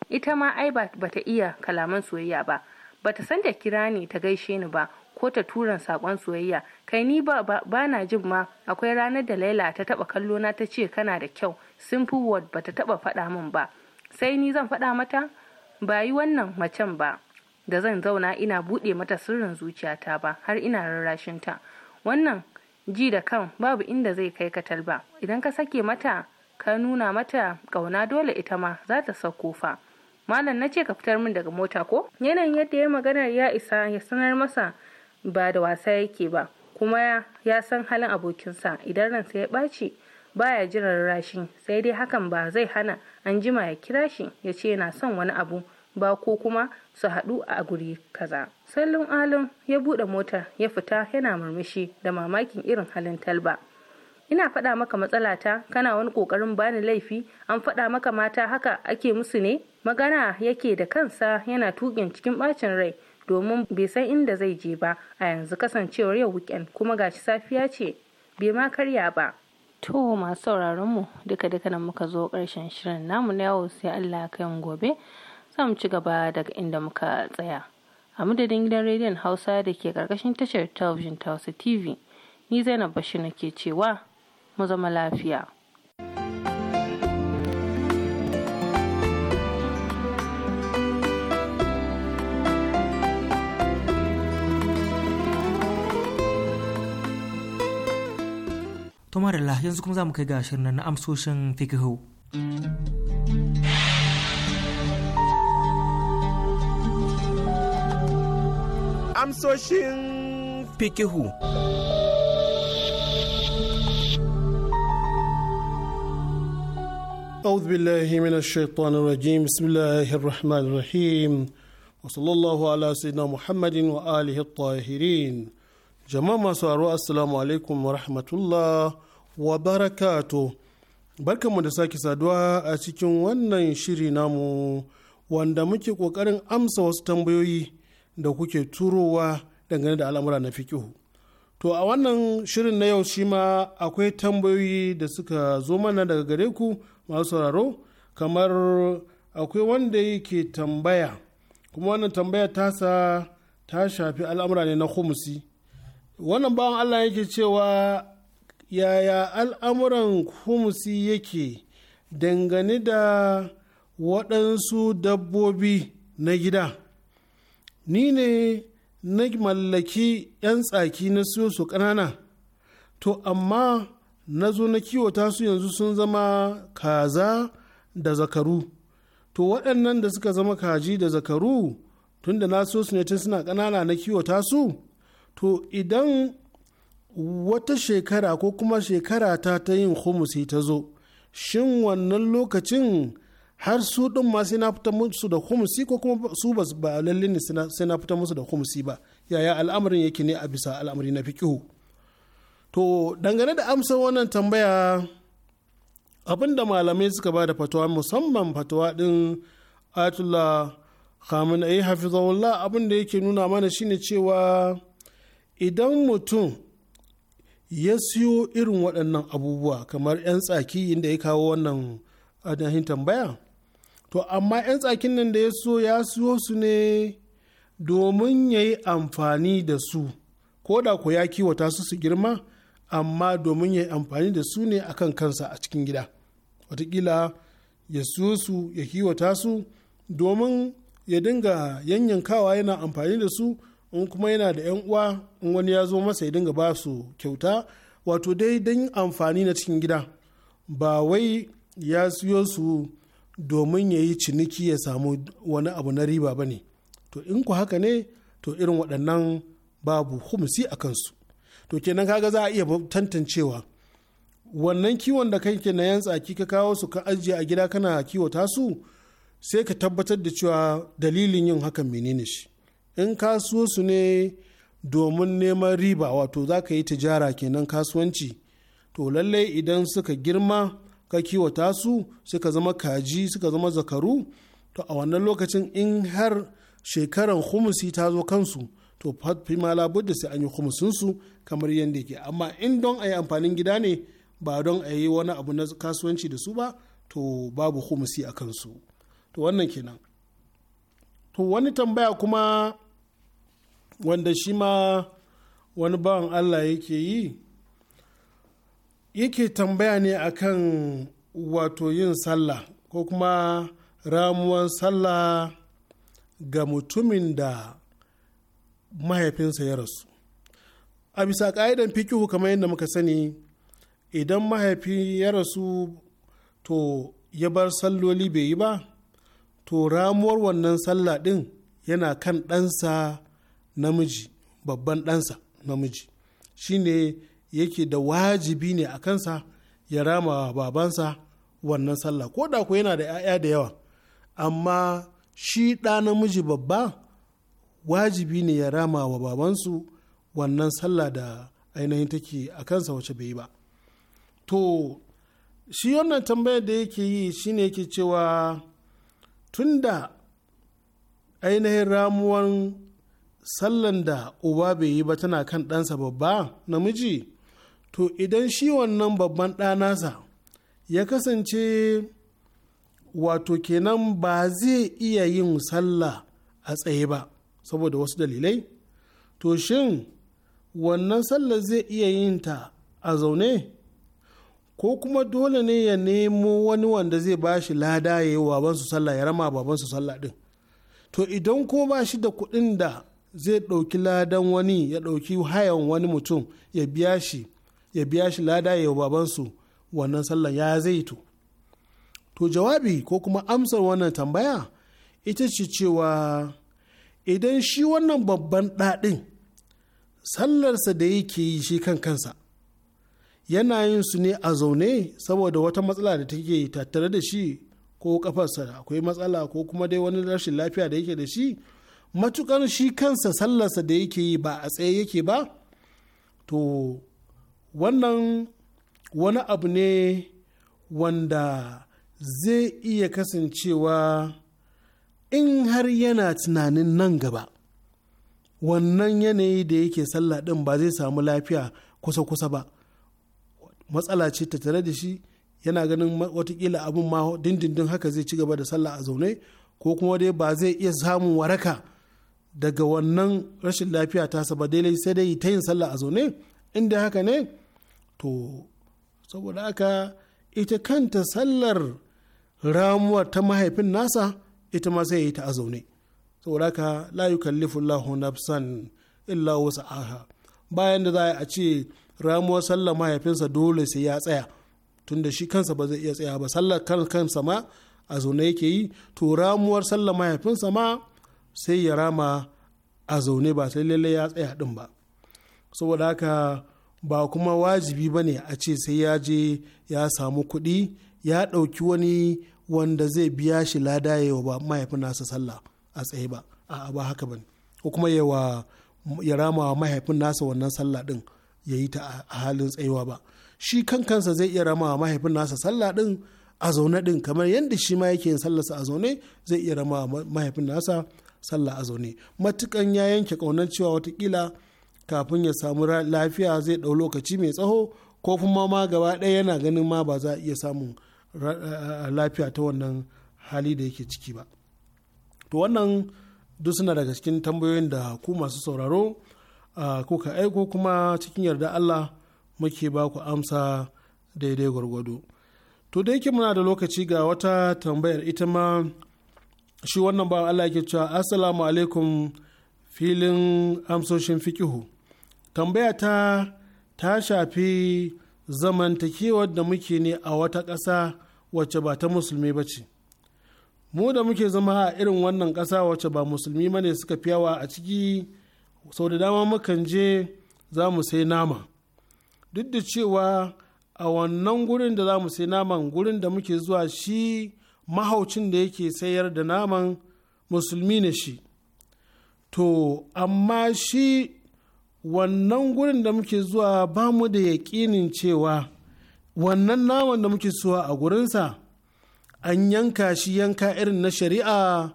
ita ma ai ba ta iya kalaman soyayya ba bata san da kira ni ta gaishe ni ba ko ta tura sakon soyayya kai ni ba ba na jin ma akwai ranar da Laila ta taba kallo na ta ce kana da kyau simple word bata taba faɗa min ba sai ni zan faɗa mata ba yi wannan macen ba da zan zauna ina buɗe mata sirrin zuciyata ba har ina rarrashin ta wannan ji da kan babu inda zai kai ka talba idan ka sake mata ka nuna mata kauna dole ita ma za ta sauko fa malam na ce ka fitar min daga mota ko yanayin yadda ya maganar ya isa ya sanar masa ba da wasa yake ba kuma ya san halin abokinsa idan ransa ya ɓaci baya jiran rashi sai dai hakan ba zai hana an jima ya kira shi ya ce yana son wani abu ba ko kuma su haɗu a guri kaza sallun alon ya bude mota ya fita yana murmushi da mamakin irin halin talba ina faɗa maka matsalata kana wani ƙoƙarin bani laifi an faɗa maka mata haka ake musu ne magana yake da kansa yana tuƙin cikin ɓacin rai domin bai san inda zai je ba a yanzu kasancewar yau weekend kuma gashi safiya ce bai ma karya ba to masu sauraron mu duka duka nan muka zo karshen shirin namu na yau sai Allah ya kai mu gobe mu ci gaba daga inda muka tsaya a madadin gidan rediyon hausa da ke karkashin tashar talabijin ta hausa tv ni zainab na ke cewa mu zama lafiya Tomarilla yanzu kuma za mu kai ga shirin na amsoshin fikihu. amsoshin pikihu. Audu billahi mina shaitanar rajim, bismillahi rahman rahim, wasu lallahu ala sai na Muhammadin wa alihi Jama masu aro assalamu alaikum wa rahmatullah wa barakato. Barkanmu da sake saduwa a cikin wannan shiri namu wanda muke kokarin amsa wasu tambayoyi da kuke turowa dangane da al'amura na fikihu to a wannan shirin na yau shi ma akwai tambayoyi da suka zo mana daga gare ku masu sauraro kamar akwai wanda yake tambaya kuma wannan tambaya tasa ta shafi al'amura ne na khumusi wannan bawan allah yake cewa yaya al'amuran khumusi yake dangane da waɗansu dabbobi na gida ni ne na mallaki 'yan tsaki na siyo su ƙanana to amma na zo na kiwata su yanzu sun zama kaza da zakaru to waɗannan da suka zama kaji da zakaru tunda na so su ne tun suna ƙanana na kiwata su to idan wata shekara ko kuma shekara ta ta yin humusi ta zo shin wannan lokacin har su din ma sai na fita musu da humsi ko kuma su ba lallin ne sai na fita musu da humsi ba yaya al'amarin yake ne a bisa al'amari na fiƙihu to dangane da amsar wannan tambaya da malamai suka ba da fatawa musamman fatawa din atullah khamenei eh, hafizawallah abin da yake nuna mana shine cewa idan mutum ya siyo irin waɗannan abubuwa kamar 'yan tsaki inda ya kawo wannan adahin tambaya to amma 'yan tsakin nan da ya so ya siyo su ne domin ya yi amfani da su ko da ko ya kiwata su su girma amma domin ya yi amfani da su ne akan kansa a cikin gida watakila ya siyo su ya kiwata su domin ya dinga yanyankawa yana amfani da su in kuma yana da 'yan uwa in wani ya zo masa ya dinga ba su kyauta wato dai don amfani na cikin gida ba wai ya siyo su domin ya yi ciniki ya samu wani abu na riba ba ne to in ku haka ne to irin waɗannan babu humsi a kansu to kenan kaga za a iya tantancewa wannan kiwon da kake na yan tsaki ka kawo su ka ajiye a gida kana kiwata su sai ka tabbatar da cewa dalilin yin hakan menene shi in kasuwa su ne domin neman riba wato za ka yi tijara kenan kasuwanci to lallai idan suka girma ka kiwata su suka zama kaji suka zama zakaru to a wannan lokacin in har shekaran humusi ta zo kansu to fi ma labudda sai an yi humusinsu kamar yadda yake amma in don a yi amfanin gida ne ba don a yi wani abu na kasuwanci da su ba to babu humusi a kansu to wannan kenan to wani tambaya kuma wanda shi ma wani bawan allah yake yi yake tambaya ne akan wato yin sallah ko kuma ramuwan sallah ga mutumin da mahaifinsa ya rasu a bisa ka'idan fikihu kamar yadda muka sani idan mahaifi ya rasu to ya bar salloli bai yi ba to ramuwar wannan sallah din yana kan ɗansa namiji babban ɗansa namiji shine yake da wajibi ne a kansa ya rama babansa wannan sallah ko da ku yana da 'ya'ya da yawa amma shi ɗa namiji babba wajibi ne ya rama wa babansu wannan sallah da ainihin take a kansa wace bai ba to shi wannan tambayar da yake yi shine yake cewa tunda ainihin ramuwan sallan da uba bai yi ba tana kan ɗansa babba namiji to idan shi wannan babban ɗanasa, ya kasance wato kenan ba zai iya yin sallah a tsaye ba saboda wasu dalilai to shin wannan sallah zai iya yin ta a zaune ko kuma dole ne ya nemo wani wanda zai ba shi lada ya yi su sallah ya rama babansu sallah din to idan ko ba shi da kuɗin da zai ɗauki ladan wani ya ɗauki hayan wani mutum ya biya shi ya biya shi lada ya babansu wannan sallan ya zaitu to jawabi ko kuma amsar wannan tambaya ita ce cewa idan shi wannan babban ɗaɗin sallarsa da yake yi shi kan kansa yana yin su ne a zaune saboda wata matsala da take tattare da shi ko kafarsa akwai matsala ko kuma dai wani rashin lafiya da yake da shi matukar shi kansa sallarsa da yake yi ba a tsaye yake ba to wannan wani abu ne wanda zai iya kasancewa in har yana tunanin nan gaba wannan yanayi da yake sallah ɗin ba zai samu lafiya kusa-kusa ba matsala ce ta tare da shi yana ganin watakila abin ma dindindin haka zai ci gaba da sallah a zaune ko kuma dai ba zai iya samun waraka daga wannan rashin lafiya tasa ba daidai sai dai ta yin sallah a zaune inda haka ne to saboda haka ita kanta sallar ramuwa ta mahaifin nasa ita ma sai ta azaune zaune saboda haka la yukallifu Allahu nafsan illa aha bayan da za a ce ramuwar sallar mahaifinsa dole sai ya tsaya tunda shi kansa ba zai iya tsaya ba sallar kan kansa ma a zaune yake yi to ramuwar sallar mahaifinsa ma sai ya rama a zaune ba sai lallai ya tsaya din ba saboda haka ba kuma wajibi ba ne a ce sai ya je ya samu kuɗi ya ɗauki wani wanda zai biya shi lada yawa ba mahaifin nasa sallah a tsaye ba a ba haka ba ko kuma yawa ya rama mahaifin nasa wannan sallah ɗin ya yi ta a halin tsayuwa ba shi kan kansa zai iya rama mahaifin nasa sallah ɗin a zaune ɗin kamar yadda shi ma yake yin sallarsa a zaune zai iya rama mahaifin nasa sallah a zaune matukan ya yanke ƙaunar cewa watakila kafin ya samu lafiya zai ɗau lokaci mai tsaho ko kuma ma gaba ɗaya yana ganin ma ba za a iya samun lafiya ta wannan hali da yake ciki ba to wannan duk suna daga cikin tambayoyin da ku masu sauraro ko ka aiko kuma cikin yarda Allah muke ba ku amsa daidai gwargwado to da yake muna da lokaci ga wata tambayar ita ma shi wannan ba Allah yake cewa assalamu alaikum filin amsoshin fikihu tambaya ta ta shafi zamantakewar da muke ne a wata ƙasa wacce ba ta musulmi ba ce mu da muke zama a irin wannan ƙasa wacce ba musulmi ba ne suka fi yawa a ciki sau da dama mukan je za mu sai nama duk da cewa a wannan gurin da za mu sai naman gurin da muke zuwa shi mahaucin da yake sayar da naman musulmi ne shi to amma shi wannan gurin da muke zuwa ba mu da yaƙinin cewa wannan naman da muke suwa a gurinsa an yanka shi yanka irin na shari'a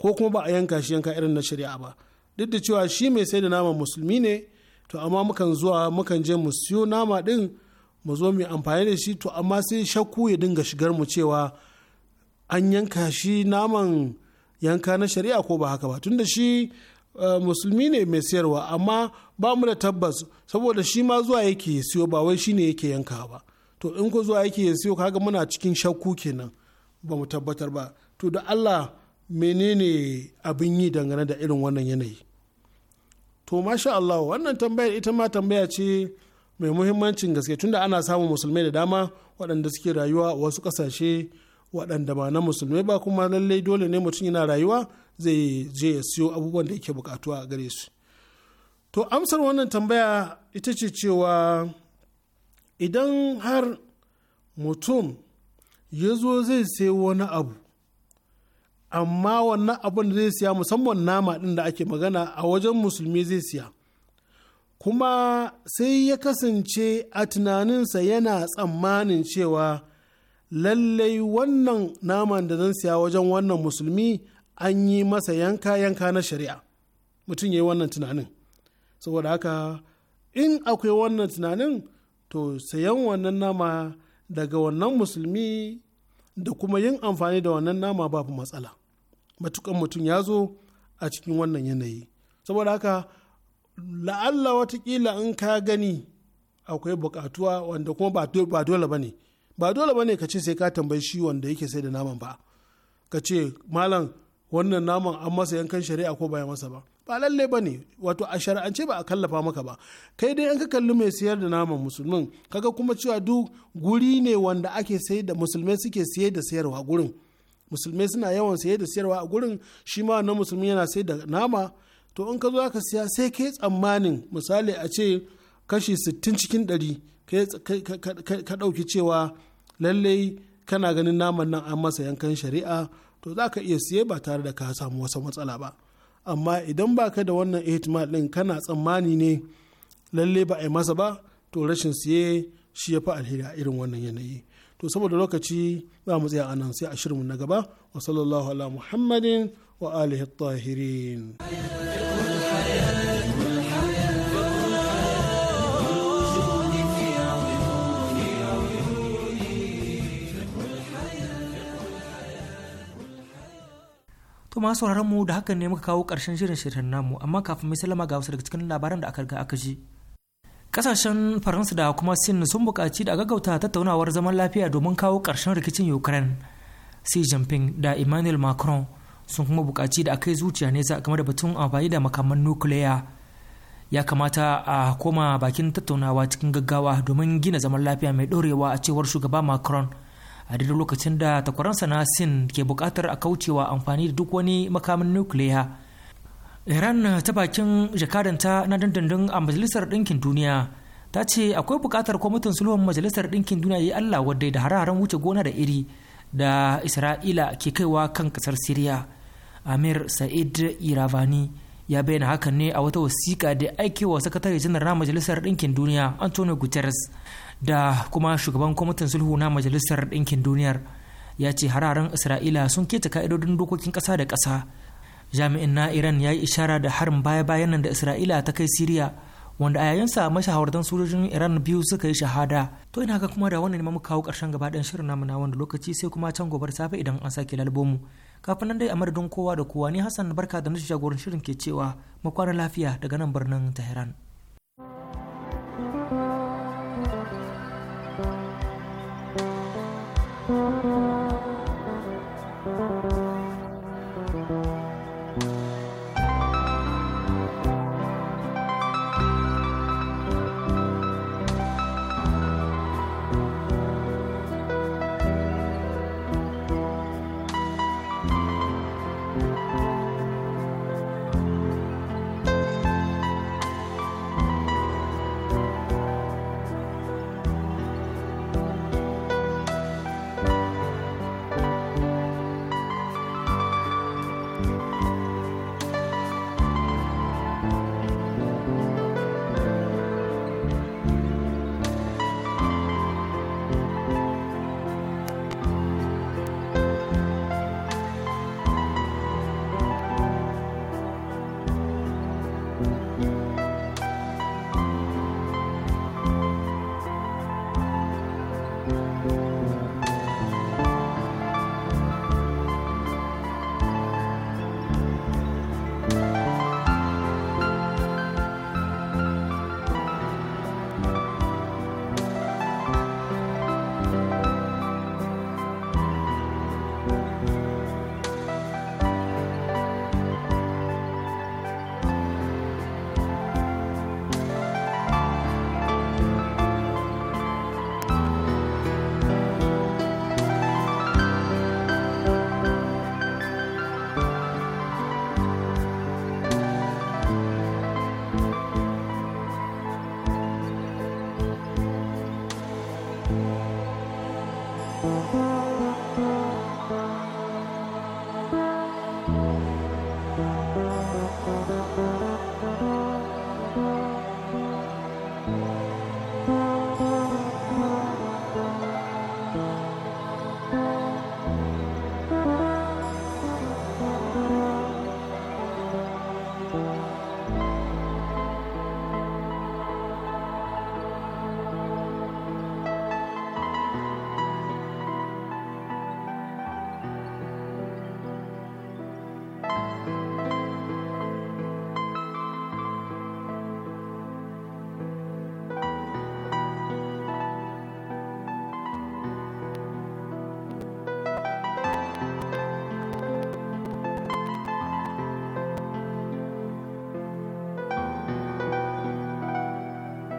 ko kuma ba a yanka shi yanka irin na shari'a ba duk da cewa shi mai sai da nama musulmi ne to amma mukan zuwa mukan je mu siyo nama din mu zo mu amfani da shi to amma sai shakku ya dinga shigar mu cewa an yanka shi naman yanka na shari'a ko ba haka ba tunda shi Eh, musulmi ne mai siyarwa amma ba mu da tabbas saboda shi ma zuwa yake ya siyo ba wai shine yake yanka ba to in ko zuwa yake ya siyo kaga muna cikin shakku kenan ba mu tabbatar ba to da Allah menene abin yi dangane da irin wannan yanayi to masha Allah wannan tambayar ita ma tambaya ce mai muhimmancin gaske tunda ana samun musulmai da dama waɗanda suke rayuwa a wasu kasashe waɗanda ba na musulmai ba kuma lallai dole ne mutum yana rayuwa zai je ya siyo abubuwan da yake bukatuwa a gare su to amsar wannan tambaya ita ce cewa idan har mutum ya zo zai sayo wani abu amma wannan abin da zai siya musamman nama din da ake magana a wajen musulmi zai siya kuma sai ya kasance a tunaninsa yana tsammanin cewa lallai wannan naman da zan siya wajen wannan musulmi an yi masa yanka yanka na shari'a mutum ya yi wannan tunanin saboda haka in akwai wannan tunanin to sayan wannan nama daga wannan musulmi da kuma yin amfani da wannan nama babu matsala matukan mutum ya zo a cikin wannan yanayi saboda haka la'alla watakila in ka gani akwai bukatuwa wanda kuma ba dole ba ne ba dole ba ne ka ce sai ka tambayi shi wanda yake sai da naman ba ka ce malam wannan naman an masa yankan shari'a ko baya masa ba ba lalle ba ne wato a shari'ance ba a kallafa maka ba kai dai an ka kalli mai siyar da naman musulmin kaga kuma cewa duk guri ne wanda ake sayar da musulmai suke siye da sayarwa gurin musulmai suna yawan siye da sayarwa a gurin shi ma na musulmi yana sayar da nama to in ka zo aka siya sai kai tsammanin misali a ce kashi sittin cikin 100 ka ɗauki cewa lallai kana ganin naman nan an masa yankan shari'a to za ka iya siye ba tare da ka samu wasu matsala ba amma idan ba ka da wannan ihtimal din kana tsammani ne lalle ba a yi masa ba to rashin siye shi ya fi alheri a irin wannan yanayi to saboda lokaci za mu tsaya anan sai a shirinmu na gaba wa sallallahu ala muhammadin wa alihi tahirin To ma sauraron mu da hakan ne muka kawo ƙarshen shirin shirin namu amma kafin mai salama ga wasu daga cikin labaran da aka ga aka ji. Kasashen Faransa da kuma Sin sun buƙaci da gaggauta tattaunawar zaman lafiya domin kawo ƙarshen rikicin Ukraine. Xi Jinping da Emmanuel Macron sun kuma buƙaci da aka yi zuciya ne nesa game da batun amfani da makaman nukiliya. Ya kamata a koma bakin tattaunawa cikin gaggawa domin gina zaman lafiya mai ɗorewa a cewar shugaba Macron. a duk lokacin da takwaransa na sin ke bukatar a kaucewa amfani da duk wani makamin nukiliya iran ta bakin jakadanta na dandandan a majalisar ɗinkin duniya ta ce akwai bukatar kwamitin sulhun majalisar ɗinkin duniya ya yi allah wadda da hararen wuce gona da iri da isra'ila ke kaiwa kan ƙasar siriya amir sa'id iravani ya bayyana hakan ne a wata wasiƙa da aikewa sakatare janar na majalisar ɗinkin duniya antonio guterres da kuma shugaban kwamitin sulhu na majalisar ɗinkin duniyar ya ce hararen isra'ila sun keta ka'idodin dokokin ƙasa da ƙasa jami'in na iran ya yi ishara da harin baya-bayan nan da isra'ila ta kai siriya wanda a sa mashahawartan sojojin iran biyu suka yi shahada to ina ga kuma da wannan ne muka kawo ƙarshen gaba ɗayan shirin namu na wanda lokaci sai kuma can gobar safe idan an sake lalbomu kafin nan dai a madadin kowa da kowa ni hassan barka da nashi jagoran shirin ke cewa makwara lafiya daga nan birnin tehran